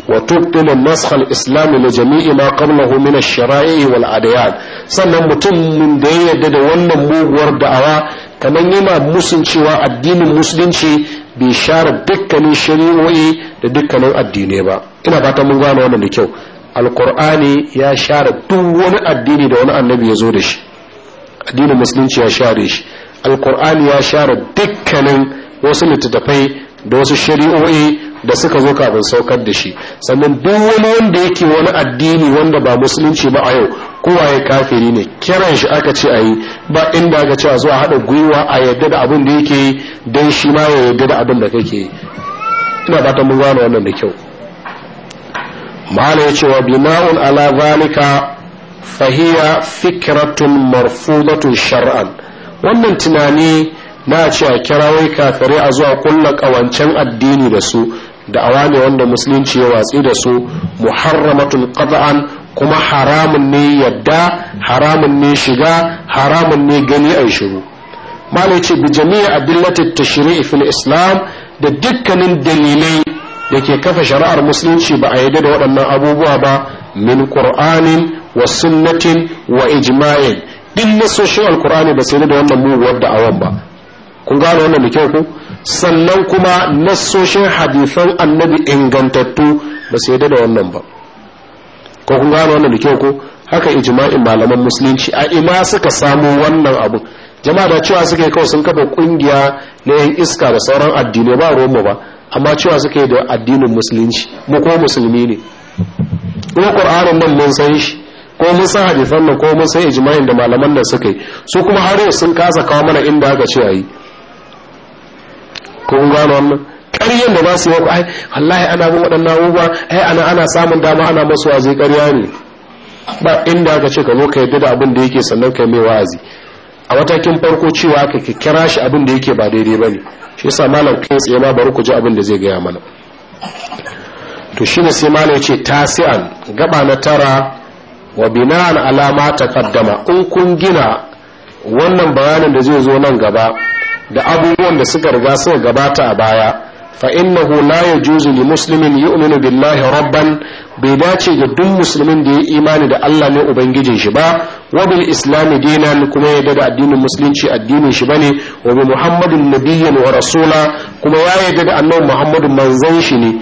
wa tubtilu nasakh al-islam li jami'i ma qablahu min ash-shara'i wal adyan sannan mutum da ya yarda da wannan muguwar da'awa kamar yana musun cewa addinin musulunci bai share dukkanin shari'o'i da dukkanin addinai ba ina fatan mun gane wannan da kyau alkur'ani ya share duk wani addini da wani annabi ya zo da shi addinin musulunci ya share shi alkur'ani ya share dukkanin wasu littattafai da wasu shari'o'i da suka zo kafin saukar da shi sannan duk wani wanda yake wani addini wanda ba musulunci ba a yau kowa ya kafiri ne kiran shi aka ce a yi ba inda aka ce a zo a haɗa gwiwa a yadda da abin da yake don shi ma ya yadda da abin da kake ina ba ta mun gane wannan da kyau mala ya cewa bina'un ala zalika fahiya fikratun marfudatun shar'an wannan tunani na ce a kirawai kafirai a zuwa kulla ƙawancen addini da su da'awa ne wanda musulunci ya watsi da su muharramatun qad'an kuma haramun ne yadda haramun ne shiga haramun ne gani a shiru malai ce bi jami'a adillati tashri'i fil islam da dukkanin dalilai da ke kafa shari'ar musulunci ba a yadda da waɗannan abubuwa ba min qur'anin wa sunnatin wa ijma'in din nasoshin Alƙur'ani ba sai da wannan muguwar da'awan ba kun gane wannan da kyau ku sannan kuma nasoshin hadisan annabi ingantattu ba sai da wannan ba ko kun gane wannan da kyau ku haka ijma'in malaman musulunci a ina suka samu wannan abu jama'a da cewa suka yi kawai sun kafa kungiya na yan iska da sauran addinai ba ruwan ba amma cewa suka yi da addinin musulunci mu ko musulmi ne kuma qur'anin nan mun san shi ko mun san hadisan nan ko mun san ijma'in da malaman nan suka yi su kuma har yau sun kasa kawo mana inda aka ce ayi ko kun gano wannan ƙaryen da ba su yi ai wallahi ana bin waɗannan abubuwa ai ana ana samun dama ana masu wazi ƙarya ne ba inda aka ce ka zo ka yadda da abin da yake sannan kai mai wa'azi a matakin farko cewa ka kira shi abin da yake ba daidai ba ne shi yasa malam kai tsaye ma bari ku ji abin da zai gaya mana to shi ne sai malam ce tasi'an gaba na tara wa bina'an alama ta kaddama in kun gina wannan bayanin da zai zo nan gaba da abubuwan da suka riga suka gabata a baya فإنه لا يجوز لمسلم يؤمن بالله ربا بيداتي قدوم مسلمين دي إيمان دا الله نو بنجي شبا وبالإسلام دينا كما يدد الدين المسلم شي الدين شباني وبمحمد نبيا ورسولا كما يدد أنه محمد منزنشني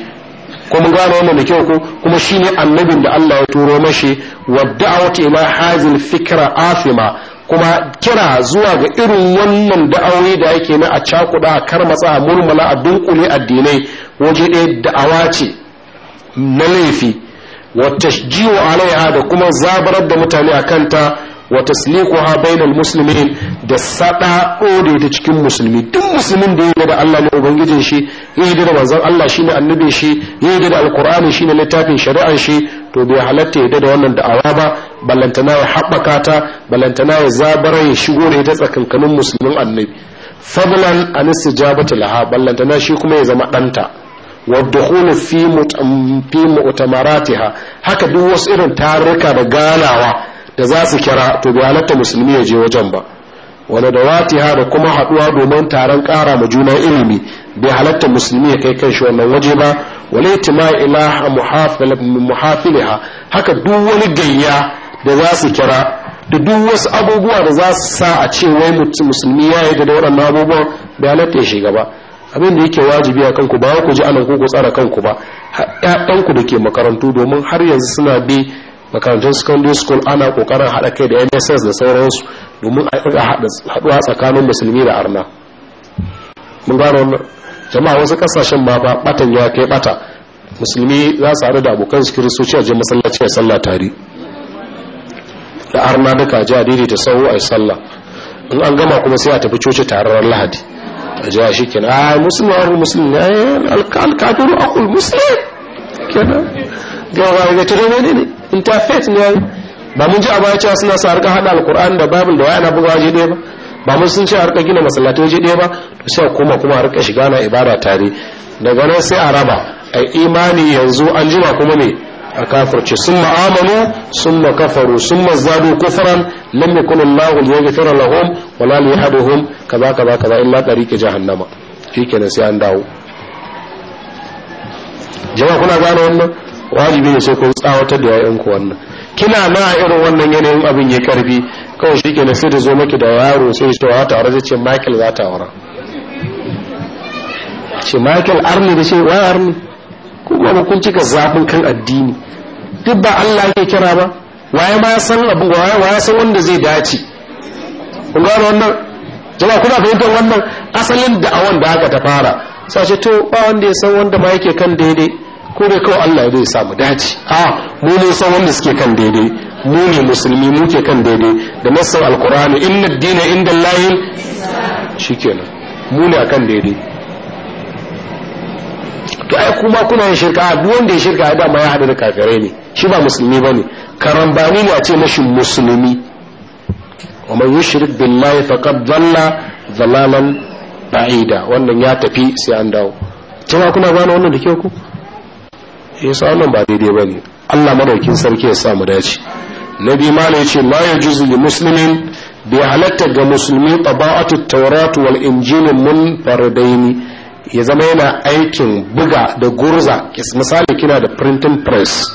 kuma gane wannan da kyau ko kuma shine annabin da Allah ya turo mashi wa da'awati ila hazil fikra afima kuma kira zuwa ga irin wannan aure da yake na a cakuɗa a karmatsa a murmula a dunkule addinai waje ɗaya da'awa ce na laifi wata jiwo alaiha da kuma zabarar da mutane a kanta wata ha bainal musulmin da saɗaɗo da cikin musulmi duk musulmin da ya da Allah ne ubangijin shi ya yi da manzon Allah shine annabi shi ya yi da alkur'ani shine littafin shari'ar shi to bai halatta ya da wannan da'awa ba ballantana ya haɓaka ta ballantana ya zabara ya shigo da ita tsakankanin musulmin annabi fadlan an istijabatu laha ballantana shi kuma ya zama ɗanta wa dukhulu fi fi mu'tamaratiha haka duk wasu irin tarurruka da ganawa da za su kira to bai halatta musulmi ya je wajen ba wani da watiha da kuma haɗuwa domin taron ƙara ma juna ilimi bai halatta musulmi ya kai kan shi wannan waje ba wale tima ilaha muhafiliha haka duk wani gayya da za su kira da duk wasu abubuwa da za su sa a ce wai musulmi ya yi da waɗannan abubuwan da halatta ya shiga ba abin da yake wajibi a kanku ba ku ji anan ku ku tsara kanku ba ƴaƴanku da ke makarantu domin har yanzu suna bi makarantun secondary school ana kokarin haɗa kai da nss da sauransu domin a haɗuwa tsakanin musulmi da arna mun gano wannan jama'a wasu kasashen ma ba ɓatan ya kai ɓata musulmi za su haɗu da abokan su kiristoci a je masallaci a sallah tare da arna duka ji adiri daidaita sahu a yi sallah in an gama kuma sai a tafi coci tararren lahadi a ji a shi kenan a yi musulmi eh, a yi musulmi ne alkafiru a kul musulmi kenan gawa ga tare wani ne in ne interfaith ne ba mun ji a baya cewa suna sa harka hada alkur'an da babin da waya na buga waje ɗaya ba ba mun sun ce harka gina masallatai waje ɗaya ba to sai kuma kuma harka shiga na ibada tare daga nan sai a raba a imani yanzu an jima kuma ne a kafirce sun ma'amalu sun kafaru sun mazzadu kufran lam yakun Allah ya gafira lahum wa la yahduhum kaza kaza kaza illa tariqi jahannama shikenan sai an dawo jama'a kuna gane wannan wajibi ne sai kun tsawatar da yayin ku wannan kina na irin wannan yanayin abin ya karfi kawai shikenan sai da zo maki da yaro sai shi ta tare zai ce Michael za ta wara Michael arni da arni ko kuma kun cika zafin kan addini duk ba Allah ke kira ba waye ma san abu waye waye san wanda zai dace kun gano wannan jama'a kuna fahimtar wannan asalin da'awan da aka ta fara sace to ba wanda ya san wanda ba yake kan daidai ko dai kawai Allah zai samu dace a mu ne san wanda suke kan daidai mu ne musulmi mu ke kan daidai da nassar alqur'ani inna dina inda layin shikenan mu ne akan daidai to ai kuma kuna yin shirka duk wanda ya shirka da ma ya hada da kafirai ne shi ba musulmi bane karambani ne a ce mashi musulmi wa man yushrik billahi faqad dhalla dhalalan ba'ida wannan ya tafi sai an dawo jama'a kuna gano wannan da kyau ku eh sa wannan ba daidai bane Allah madaukin sarki ya sa mu dace nabi mala ce la yajuzu li muslimin bi halatta ga musulmi taba'atu tawratu wal injil mun faradaini ya zama yana aikin buga da gurza misali kina da printing press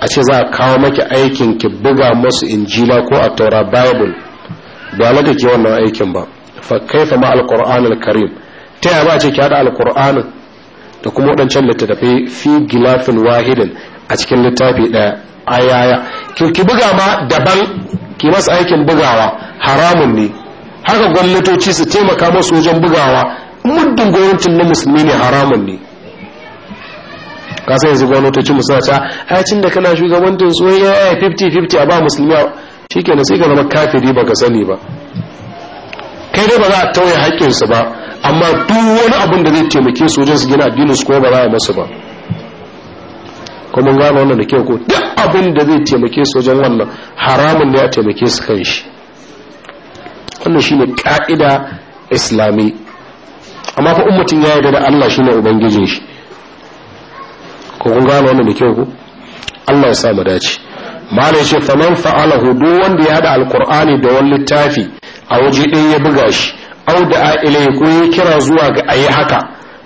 a ce za a kawo maki aikin ki buga masu injila ko a taura bible ba laka ke wannan aikin ba fa kaifa ma alquran alkarim ta yaba ce ki hada alkur'an da kuma wadancan littattafai fi gilafin wahidin a cikin littafi daya yaya ki buga ma daban ki masu aikin bugawa haramun ne haka gwamnatoci su taimaka masu wajen bugawa muddin gwamnatin na musulmi ne haramun ne ka sai yanzu gwamnatocin musulata ayacin da kana shugabantin soyayya eh, ya 50-50 a ba musulmi shi ke nasi ga zama kafiri ba ka sani ba kai dai ba za a tauye haƙƙinsu ba amma duk wani abin da zai taimake su wajen su gina addinin su ko ba za a masu ba kuma gano wannan da kyau ko duk abin da zai taimake su wajen wannan haramun ne a taimake su kan shi wannan shine ka'ida islami amma fa ummatin ya yarda da Allah shine ubangijin shi ko kun gane wannan da kyau ko Allah ya sa mu dace malai ce faman fa'alahu duk wanda ya hada alqur'ani da wani littafi a waje din ya buga shi au da a ilai ko ya kira zuwa ga ayi haka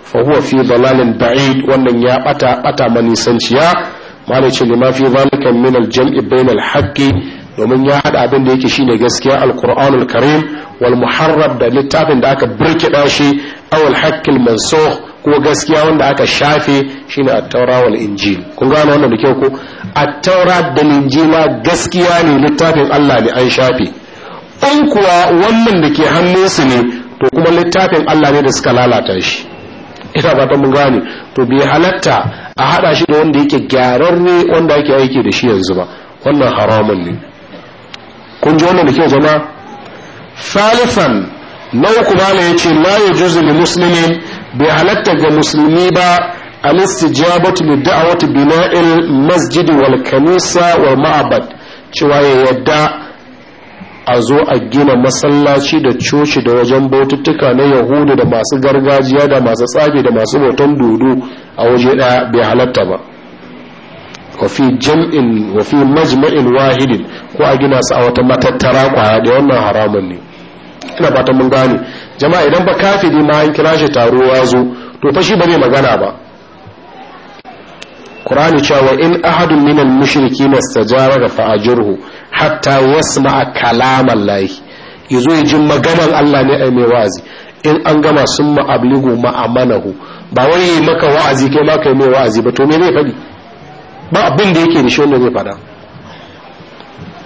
fa huwa fi dalalin ba'id wannan ya bata bata manisanciya malai ce lima fi zalika min al-jam'i bainal haqqi domin ya haɗa abin da yake shine gaskiya alkur'an alkarim wal muharrab da littafin da aka birkiɗa shi awal haqqil mansukh ko gaskiya wanda aka shafe shine at-taura wal injil kun gane wannan da kyau ko at-taura da injila gaskiya ne littafin Allah ne an shafe in kuwa wannan da ke hannunsu ne to kuma littafin Allah ne da suka lalata shi ita ba ta mun gane to bai halatta a haɗa shi da wanda yake gyararre wanda ake aiki da shi yanzu ba wannan haramun ne kun ji wannan da kyau zama salisan na uku bala ya ce ya li bai halatta ga musulmi ba al-istijabatu li wata bina'il masjidi wal kanisa wa ma'abad cewa ya yadda a zo a gina masallaci da coci da wajen baututtuka na yahudu da masu gargajiya da masu tsage da masu bautan dodo a waje ɗaya bai halatta ba wa jam'in wa majma'in wahidin ko a gina su a wata matattara kwaya da wannan haramun ne ina fatan mun gane jama'a idan ba kafiri ma an kira shi taro ya zo to ta shi ba zai magana ba Qur'ani cewa in ahadun minan minal na istajara ga fa'ajirhu hatta wasu ma kalaman lahi zo ya ji maganan Allah ne a mai wa'azi in an gama sun ma'abligu ma'amanahu ba wai maka wa'azi kai ma kai mai wa'azi ba to me zai faɗi ba abin da yake da shi wanda zai faɗa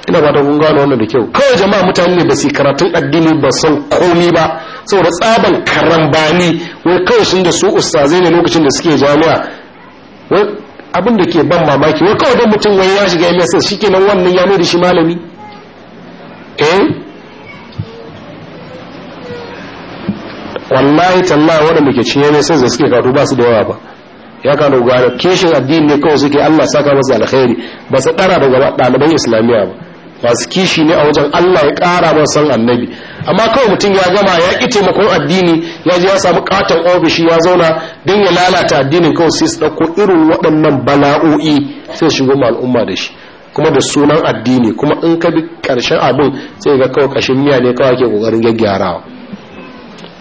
ina ba ta kun gano wanda da kyau kawai jama'a mutane ne ba su karatun addini ba san komi ba saboda tsaban karambani wai kawai sun da su ustazai ne lokacin da suke jami'a wai abin da ke ban mamaki wai kawai don mutum wani ya shiga shi ke nan wannan ya mai da shi malami eh wallahi tallahi waɗanda ke cinye sai da suke karatu ba su da yawa ba ya kano gwada kishin addini ne kawai suke allah saka masu alkhairi ba su ɗara daga ɗaliban islamiyya ba masu kishi ne a wajen allah ya ƙara masu san annabi amma kawai mutum ya gama ya ƙi taimakon addini ya je ya samu katon ofishi ya zauna don ya lalata addinin kawai sai su ɗauko irin waɗannan bala'o'i sai shigo ma al'umma da shi kuma da sunan addini kuma in ka bi ƙarshen abin sai ga kawai ƙashin miya ne kawai ke ƙoƙarin gyaggyarawa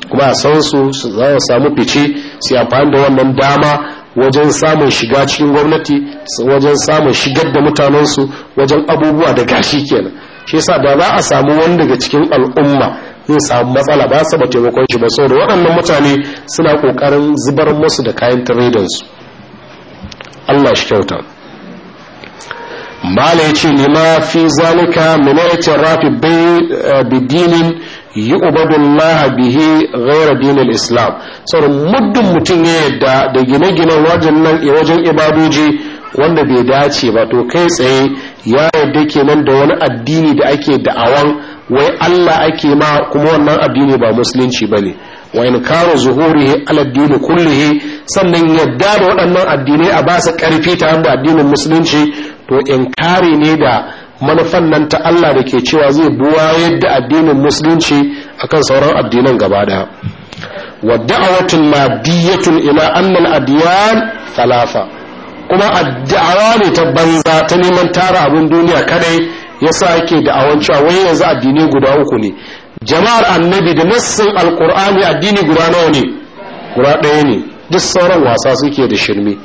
kuma a san su za su samu fice su yi amfani da wannan dama wajen samun shiga cikin gwamnati wajen samun shigar da mutanensu wajen abubuwa da gashi kenan shi yasa da za a samu wani daga cikin al'umma zai samu matsala ba su ba taimakon shi ba saboda waɗannan mutane suna ƙoƙarin zubar musu da kayan tiredansu Allah shi kyauta bala ya ce lima fi zalika min rafi eh, bidinin yi ubadullah bihi ghaira dinil islam sauran muddin mutum ya yadda da gine-ginen wajen nan eh, wajen ibadoji wanda bai dace ba to kai tsaye ya yadda kenan da wani addini da ake da'awan wai allah ake ma kuma wannan addini ba musulunci ba ne wa inkaru zuhurihi ala kullihi sannan yadda da waɗannan addinai a ba karfi ƙarfi ta hanyar addinin musulunci to inkari ne da manufan nan ta Allah da ke cewa zai buwa yadda addinin musulunci akan sauran addinan gaba daya wa da'awatun madiyatun ila annal adiyan thalatha kuma addu'a ne ta banza ta neman tara abin duniya kadai yasa ake da'awan cewa wai yanzu addinai guda uku ne jama'ar annabi da nassin alkur'ani addini guda nawa ne guda ɗaya ne duk sauran wasa suke da shirme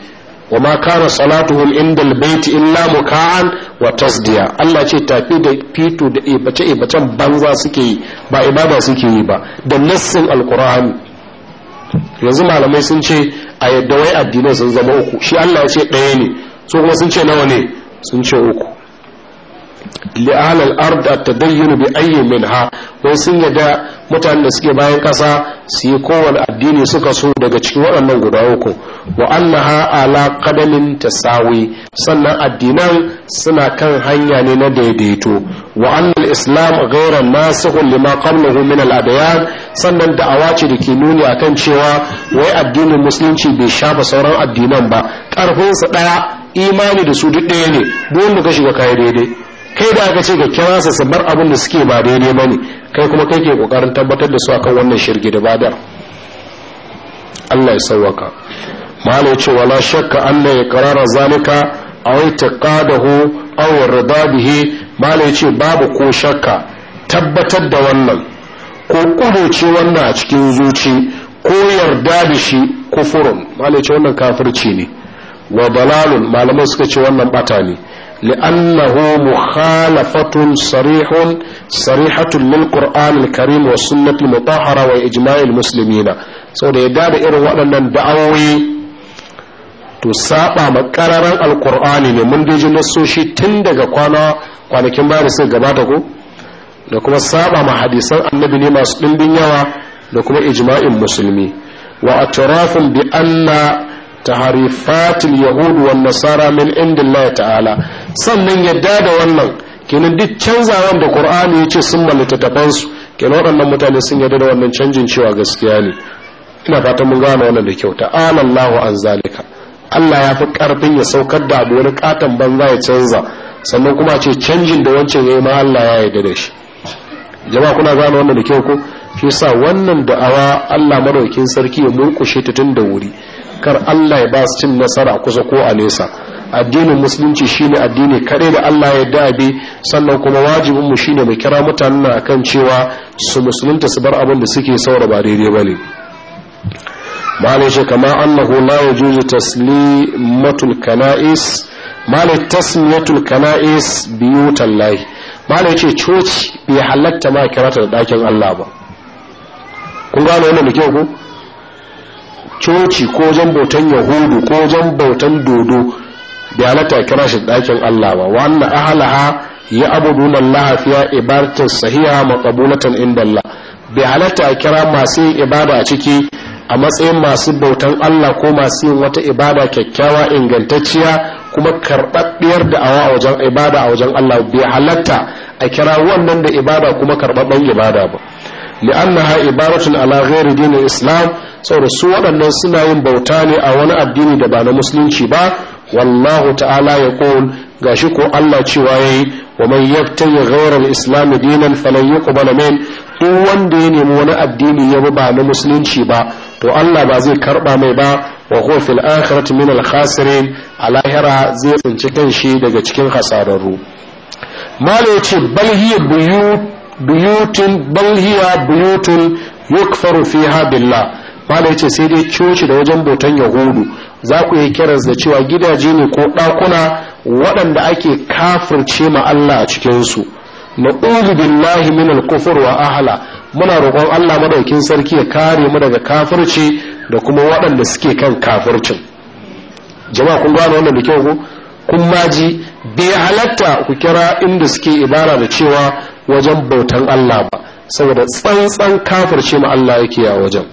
wa ma kana salatuhum inda albayti illa muka'an wa tasdiya Allah ce tafi da fito da ibace ibacen banza suke yi ba ibada suke yi ba da nassin alkur'ani yanzu malamai sun ce a yadda wai addinai sun zama uku shi Allah ya ce ɗaya ne so kuma sun ce nawa ne sun ce uku li ahlal ard at-tadayyun bi ayyi minha wai sun yadda mutanen da suke bayan kasa su yi kowane addini suka so daga cikin waɗannan guda uku wa annaha ala qadamin tasawi sannan addinan suna kan hanya ne na daidaito wa annal islam ghayra nasikhun lima qablahu min al-adyan sannan da'awa ce da ke nuni akan cewa wai addinin musulunci bai shafa sauran addinan ba karfin su daya imani da su duk ɗaya ne duk wanda ka shiga kayan daidai kai da aka ce ka kira sa su bar abin da suke ba daidai ba ne kai kuma kai ke kokarin tabbatar da su akan wannan shirgi da badar Allah ya sauwaka malai ce wala shakka Allah ya karara zalika a wai taqadahu aw yarda bihi malai ce babu ko shakka tabbatar da wannan ko kudoce wannan a cikin zuci ko yarda da shi kufurun malai ce wannan kafirci ne wa dalalun malamai suka ce wannan bata ne لأنه مخالفة صريح صريحة للقرآن الكريم والسنة المطهرة وإجماع المسلمين سو da yadda da irin waɗannan da'awoyi to saba makararan alkur'ani ne mun daji nassoshi tun daga kwana kwanakin baya da suka gabata ko da kuma saba ma hadisan annabi ne masu ɗimbin yawa da kuma ijma'in musulmi wa atrafin bi anna taharifatil yahud wa nasara min indillah ta'ala sannan yadda da wannan kenan duk canzawan da qur'ani yace sun mallata taban su kenan waɗannan mutane sun yadda da wannan canjin cewa gaskiya ne ina fatan mun gane wannan da kyau ta'ala Allahu an zalika Allah ya fi karfin ya saukar da abu wani katon banza ya canza sannan kuma ce canjin da wancan yayi ma Allah ya yarda da shi jama'a kuna gane wannan da kyau ko shi sa wannan da'awa Allah madaukin sarki ya murkushe ta tun da wuri kar Allah ya ba su cin nasara kusa ko a nesa addinin musulunci shine addini kare da Allah ya dabe sannan kuma wajibin mu shine mu kira mutanen akan cewa su musulunta su bar abin da suke saura ba daidai bane malai shi kama annahu la yajuzu taslimatul kana'is malai tasmiyatul kana'is biyutan lahi malai ce coci bai halatta ma kirata da dakin Allah ba kun gano wannan da kyau ko coci ko wajen bautan yahudu ko wajen bautan dodo bai halatta kira shi ɗakin Allah ba wa ahalaha ya abudu Allah fiya ibadatan sahiha maqbulatan inda Allah bai halatta kira masu yin ibada a ciki a matsayin masu bautan Allah ko masu yin wata ibada kyakkyawa ingantacciya kuma karɓaɓɓiyar awa a wajen ibada a wajen Allah bai halatta a kira wannan da ibada kuma karɓaɓɓen ibada ba li'annaha ibaratun ala ghairi dinin islam saboda su waɗannan suna yin bauta ne a wani addini da ba na musulunci ba wallahu ta'ala ya ga shi ko Allah cewa yayi wa man yabtaghi ghayra al-islam dinan falan yuqbal min duk wanda ya nemi wani addini ya ba na musulunci ba to Allah ba zai karba mai ba wa huwa fil akhirati min al-khasirin alahira zai tsinci kanshi daga cikin hasararru mala yace bal hiya buyut buyutun balhiya buyutun yukfaru fiha billah malai ce sai dai coci da wajen bautan yahudu za ku yi kiransu da cewa gidaje ne ko ɗakuna waɗanda ake kafirce ma Allah a cikinsu na uzu billahi min al-kufur wa ahala. muna roƙon Allah madaukin sarki ya kare mu daga kafirce da kuma waɗanda suke kan kafircin jama'a kun gano wannan da kyau ko kun ma ji bai halatta ku kira inda suke ibara da cewa wajen bautan Allah ba saboda tsantsan kafirce ma Allah yake a wajen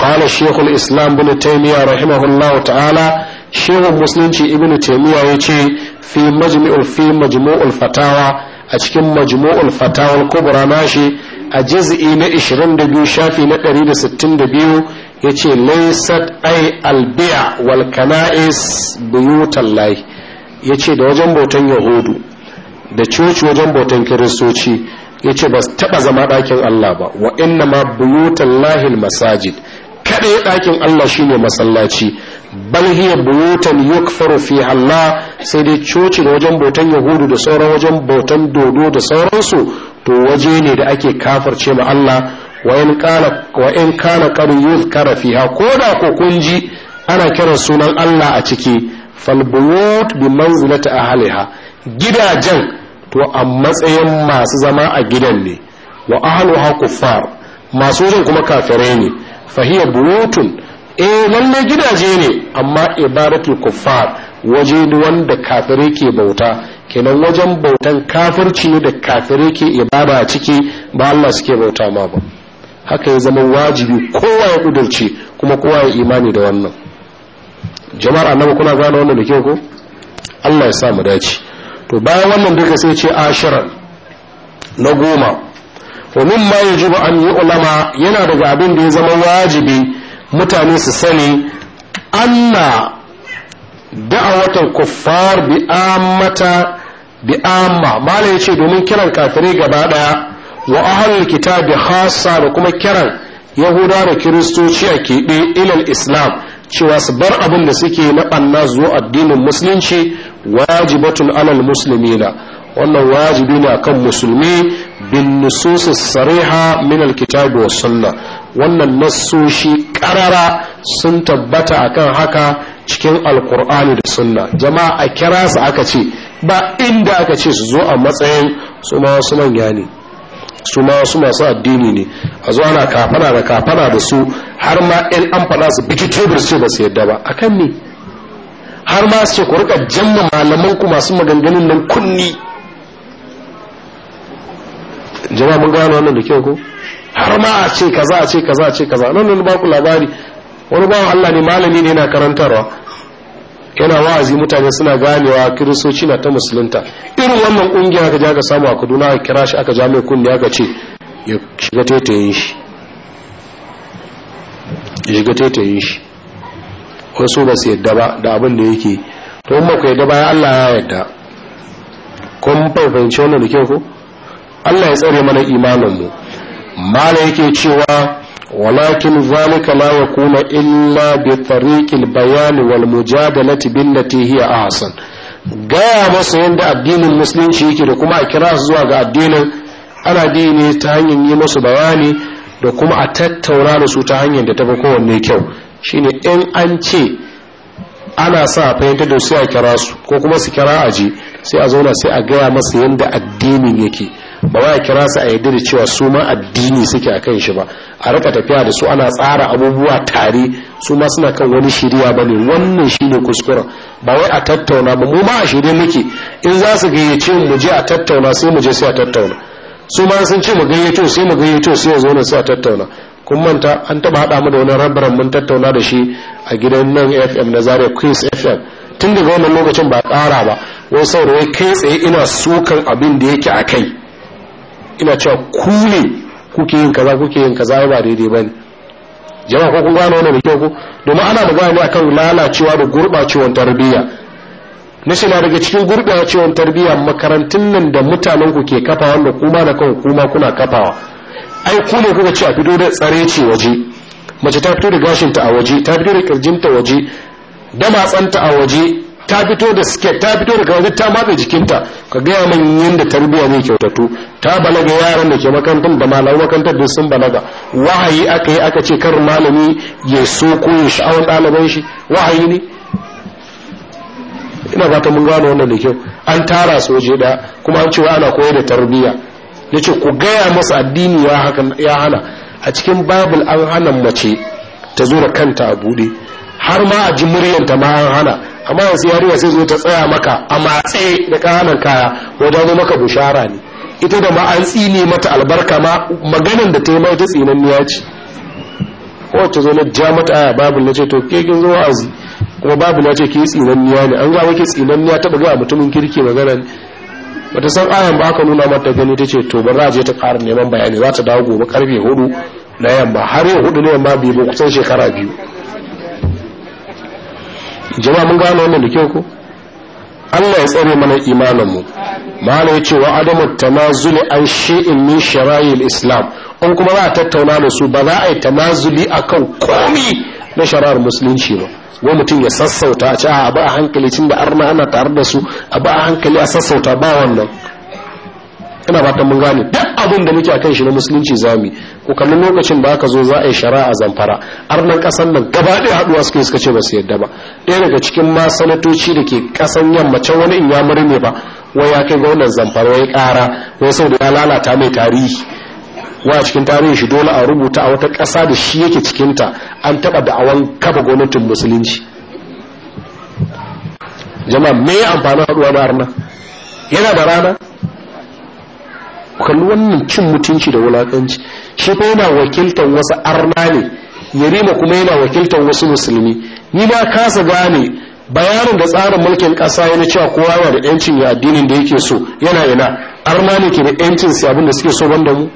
qala shaykh islam ibn taymiya rahimahullahu ta'ala shaykh muslimci ibn taymiya yace fi majmu'ul fi majmu'ul fatawa a cikin majmu'ul fatawa al-kubra nashi a juz'i na 22 shafi na 162 yace laysat ay al-bi'a wal kana'is buyutallahi yace da wajen bautan yahudu da coci wajen bautan kiristoci ya ce ba taɓa zama ɗakin Allah ba wa inna ma buyutan lahil masajid kaɗai ɗakin Allah shine masallaci bal hiya buyutan yukfaru fi Allah sai dai coci da wajen bautan yahudu da sauran wajen bautan dodo da sauransu to waje ne da ake kafarce ma Allah wa in kana kana yuzkara fiha koda ko kun ji ana kiran sunan Allah a ciki fal buyut bi manzilati ahliha gidajen to a matsayin masu zama a gidan ne wa ha kuffar masu wajen kuma kafirai ne fahiya buyutun eh lalle gidaje ne amma ibadatul kuffar waje ne wanda kafirai ke bauta kenan wajen bautan kafirci ne da kafirai ke ibada a ciki ba Allah suke bauta ma ba haka ya zama wajibi kowa ya kudurce kuma kowa ya imani da wannan jama'ar annabi kuna gane wannan da kyau ko Allah ya sa mu dace to bayan wannan duka sai ce ashirar na goma domin ma ya ji an yi ulama yana daga abin da ya zama wajibi mutane su sani anna da'awatar kuffar bi'amata bi'amma mala ya ce domin kiran kafirai gaba daya wa ahlul kitabi khassa da kuma kiran yahuda da kiristoci a keɓe ilal islam cewa su bar abin da suke na ɓanna zuwa addinin musulunci wajibatun alal na wannan wajibi ne akan musulmi bin nusus sariha min alkitabi wa sunna wannan nassoshi karara sun tabbata akan haka cikin alkur'ani da sunna jama'a a kira su aka ce ba inda aka ce su zo a matsayin su ma wasu manya ne su ma wasu masu addini ne a zo ana kafana da kafana da su har ma in an faɗa su biki tebur ce ba su yadda ba akan ne har ma su ku rika jamma malaman ku masu maganganun nan kunni jama'a mun gano wannan da kyau ko har ma a ce kaza a ce kaza a ce kaza nan nan ba ku labari wani bawan Allah ne malami ne yana karantarwa yana wa'azi mutane suna ganewa kiristoci na ta musulunta irin wannan kungiya aka ja ka samu a Kaduna aka kira shi aka ja mai kunni aka ce ya shiga taitayin shi ya shiga taitayin shi wasu ba su yadda ba da abin da yake to in ba ku yadda bayan Allah ya yadda kun fahimci wannan da kyau ko Allah ya tsare mana imanin mu mala yake cewa walakin zalika la yakuna illa bi tariqil bayan wal mujadalati lati hiya ahsan gaya masa yadda addinin musulunci yake da kuma a kira su zuwa ga addinin ana ne ta hanyar yi musu bayani da kuma a tattauna da su ta hanyar da ta fi kowanne kyau shine in an ce ana sa fahimta da su a kira su ko kuma su kira aji sai a zauna sai a gaya masa yadda addinin yake ba wa a kira su a yadda da cewa su ma addini suke a kan shi ba a rika tafiya da su ana tsara abubuwa tare su ma suna kan wani shirya ba ne wannan shi ne kuskuren ba wai a tattauna ba mu ma a shirye muke in za su gayyace mu je a tattauna sai mu je sai a tattauna su ma sun ce mu gayyato sai mu gayyato sai ya zo sai a tattauna kun manta an taba hada mu da wani rabaran mun tattauna da shi a gidan nan fm na zaria queens fm tun daga wannan lokacin ba kara ba wai wani saurayi kai tsaye ina sukan abin da yake a kai ina cewa ku ne kuke yin kaza kuke yin kaza ba daidai bane ne jama'a ko kun gane wannan da kyau ko domin ana magana ne akan lalacewa da gurɓacewar tarbiyya na shi na daga cikin gurɓacewar tarbiyya makarantun nan da mutanen ku ke kafa wanda kuma da kan kuma kuna kafawa ai ku ne kuka ce a fito da tsare ce waje mace ta fito da gashinta a waje ta fito da kirjinta waje da matsanta a waje ta fito da skirt ta fito da kawai ta matsa jikinta ka gaya min yadda tarbiyya ne kyautatu ta balaga yaran da ke makarantar da malamu makarantar da sun balaga wahayi aka yi aka ce kar malami ya so ko ya sha'awar ɗaliban shi wahayi ne ina fata mun gano wannan da kyau an tara soje da kuma an cewa ana koyar da tarbiyya yace ce ku gaya masa addini ya hana a cikin babul an hana mace ta zo da kanta a bude har ma a ji muryanta ma an hana amma yanzu yarinya sai zo ta tsaya maka a matse da kanan kaya wajen zo maka bushara ne ita da ma an tsine mata albarka ma maganan da ta yi mai ta tsinanniya ce kowace zo na ja mata aya babul na ce to ke kin zo wa'azi kuma babul na ce ke tsinanniya ne an ga wake tsinanniya ta buga mutumin kirki magana bata san ayan ba aka nuna mata gani ta ce to ba za a je ta ƙara neman bayani za ta dawo gobe karfe hudu na yamma har yau hudu na yamma biyu ba kusan shekara biyu jama'a mun gano wannan da kyau ko Allah ya tsare mana mu. ma'ana ya ce wa adamu tanazuli an shi'in min shara'il islam in kuma za a tattauna da su ba za a yi tanazuli kan komi na shara'ar musulunci ba wa mutum ya sassauta a ci a ba a hankali tun da arna ana tare da su a ba a hankali a sassauta ba wannan ina fatan mun gane duk abin da muke akan shi na musulunci zami ku kallon lokacin ba aka zo za a yi shari'a zamfara arnan kasan nan gaba ɗaya haɗuwa suka yi suka ce ba su yadda ba ɗaya daga cikin ma da ke kasan can wani in ya ne ba wai ya kai gwamnan zamfara wai ƙara wai sau da ya lalata mai tarihi wa cikin tarihin shi dole a rubuta a wata ƙasa da shi yake cikinta an taɓa da'awan kaba gwamnatin musulunci jama'a me amfani haɗuwa da arna yana da rana kalli wannan cin mutunci da wulakanci shi ko yana wakiltar wasu arna ne yarima kuma yana wakiltar wasu musulmi ni ba kasa gane bayanin da tsarin mulkin kasa yana cewa kowa yana da yancin ya addinin da yake so yana yana arna ne ke da yancin su abin da suke so banda mu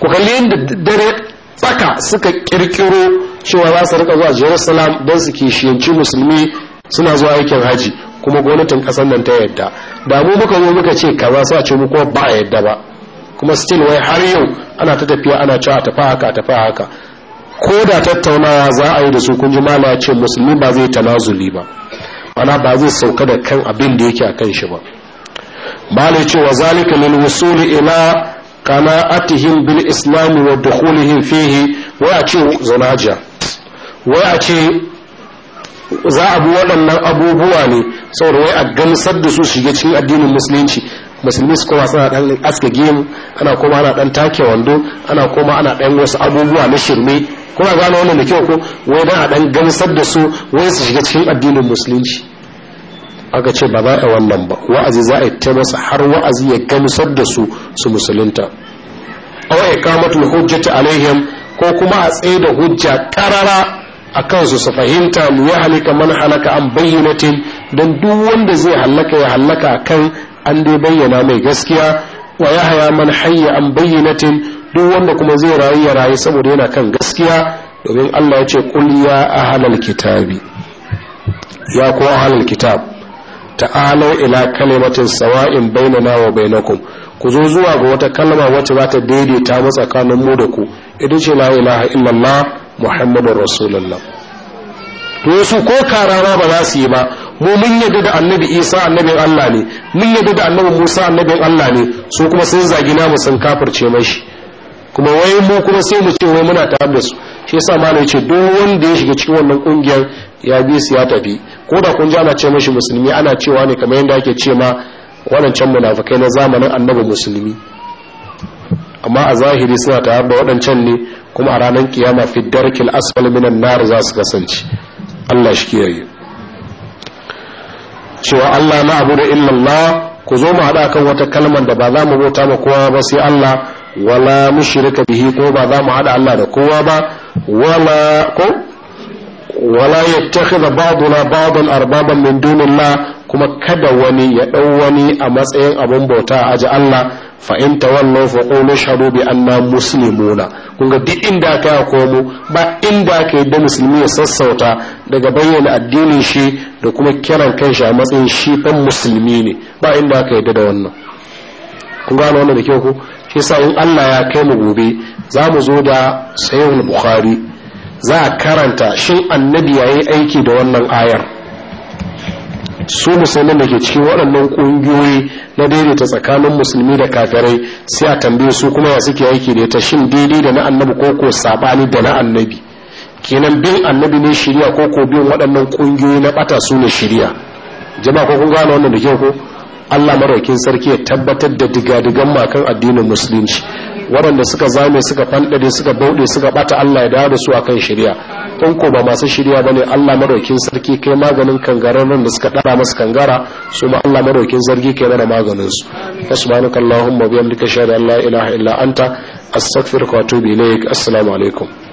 ku kalli yadda dare tsaka suka kirkiro cewa za su rika zuwa jerusalem don su kishiyanci musulmi suna zuwa aikin haji kuma gwamnatin kasar nan ta yadda da mu muka zo muka ce kaza a ce mu kuma ba yadda ba kuma still wai har yau ana ta tafiya ana cewa a tafi haka a tafi haka ko da tattaunawa za a yi da su kun ji mala ce musulmi ba zai tanazuli ba ana ba zai sauka da kan abin da yake a kan shi ba malai ce wa zalika lil wusuli ila qana'atihim bil islam wa dukhulihim fihi wai a ce zanaja wai a ce za a bi waɗannan abubuwa ne saboda wai a gamsar da su shiga cikin addinin musulunci musulmi su koma suna dan aska gemu ana koma ana dan take wando ana koma ana dan wasu abubuwa na shirme kuna gano wannan da kyau ko wai dan a dan gamsar da su wai su shiga cikin addinin musulunci aka ce ba za a wannan ba wa'azi za a yi ta masa har wa'azi ya gamsar da su su musulunta aw iqamatul hujjati alaihim ko kuma a tsaye da hujja karara a kansu su fahimta mu ya halika man halaka an bayyana bayyanatin don duk wanda zai halaka ya halaka kan an dai bayyana mai gaskiya wa ya haya man hayya an bayyanatin duk wanda kuma zai rayu ya rayu saboda yana kan gaskiya domin Allah ya ce kul ya halal kitabi ya ko halal kitab ta'ala ila kalimatin sawa'in bainana wa bainakum ku zo zuwa ga wata kalma wacce za ta daidaita mu tsakanin mu da ku idan ce la ilaha illallah muhammadur rasulullah to su ko karara ba za su yi ba mu mun yadda da annabi isa annabin allah ne mun yadda da annabi musa annabin allah ne su kuma sun zagi namu sun kafirce mashi kuma wai mu kuma sai mu ce wai muna tare da su shi yasa malai ce duk wanda ya shiga cikin wannan kungiyar ya bi su ya tafi ko da kun ji ce mashi musulmi ana cewa ne kamar yadda ake ce ma waɗancan munafukai na zamanin annabi musulmi amma a zahiri suna tare da waɗancan ne kuma a ranar kiyama fi darkil asfal minan nar za su kasance Allah shi yi cewa Allah na abu da illallah ku zo mu haɗa kan wata kalmar da ba za mu bauta ma kowa ba sai Allah wala mushrika bihi ko ba za mu haɗa Allah da kowa ba wala ko wala yattakhidha ba'duna ba'dan arbaban min dunillah kuma kada wani ya ɗau wani a matsayin abin bauta a aji Allah fahimta in tawallaw fa qulu shahadu bi anna muslimuna kun ga duk inda ka ya komo ba inda ka da musulmi ya sassauta daga bayyana addinin shi da kuma kiran kanshi a matsayin shi ɗan musulmi ne ba inda ka yadda da wannan kun gano wannan da kyau ko shi yasa in Allah ya kai mu gobe za mu zo da sahihul bukhari za a karanta shin annabi ya yi aiki da wannan ayar su musulmin da ke cikin waɗannan ƙungiyoyi na daidaita tsakanin musulmi da kafirai sai a tambaye su kuma ya suke aiki da ta shin daidai da na annabi ko ko saɓani da na annabi kenan bin annabi ne shirya ko ko bin waɗannan ƙungiyoyi na ɓata su ne shirya jama'a ko kun gane wannan da kyau ko Allah maraukin sarki ya tabbatar da diga-digan digadigan makan addinin musulunci waɗanda suka zame suka fanɗare suka bauɗe suka ɓata Allah ya dawo da su akan shirya in ko ba masu shirya bane Allah madaukin sarki kai maganin nan da suka ɗara masu kangara su ma Allah madaukin sarki kai mana maganin su subhanakallahumma wa bihamdika shada la ilaha illa anta astaghfiruka wa atubu ilaik assalamu alaikum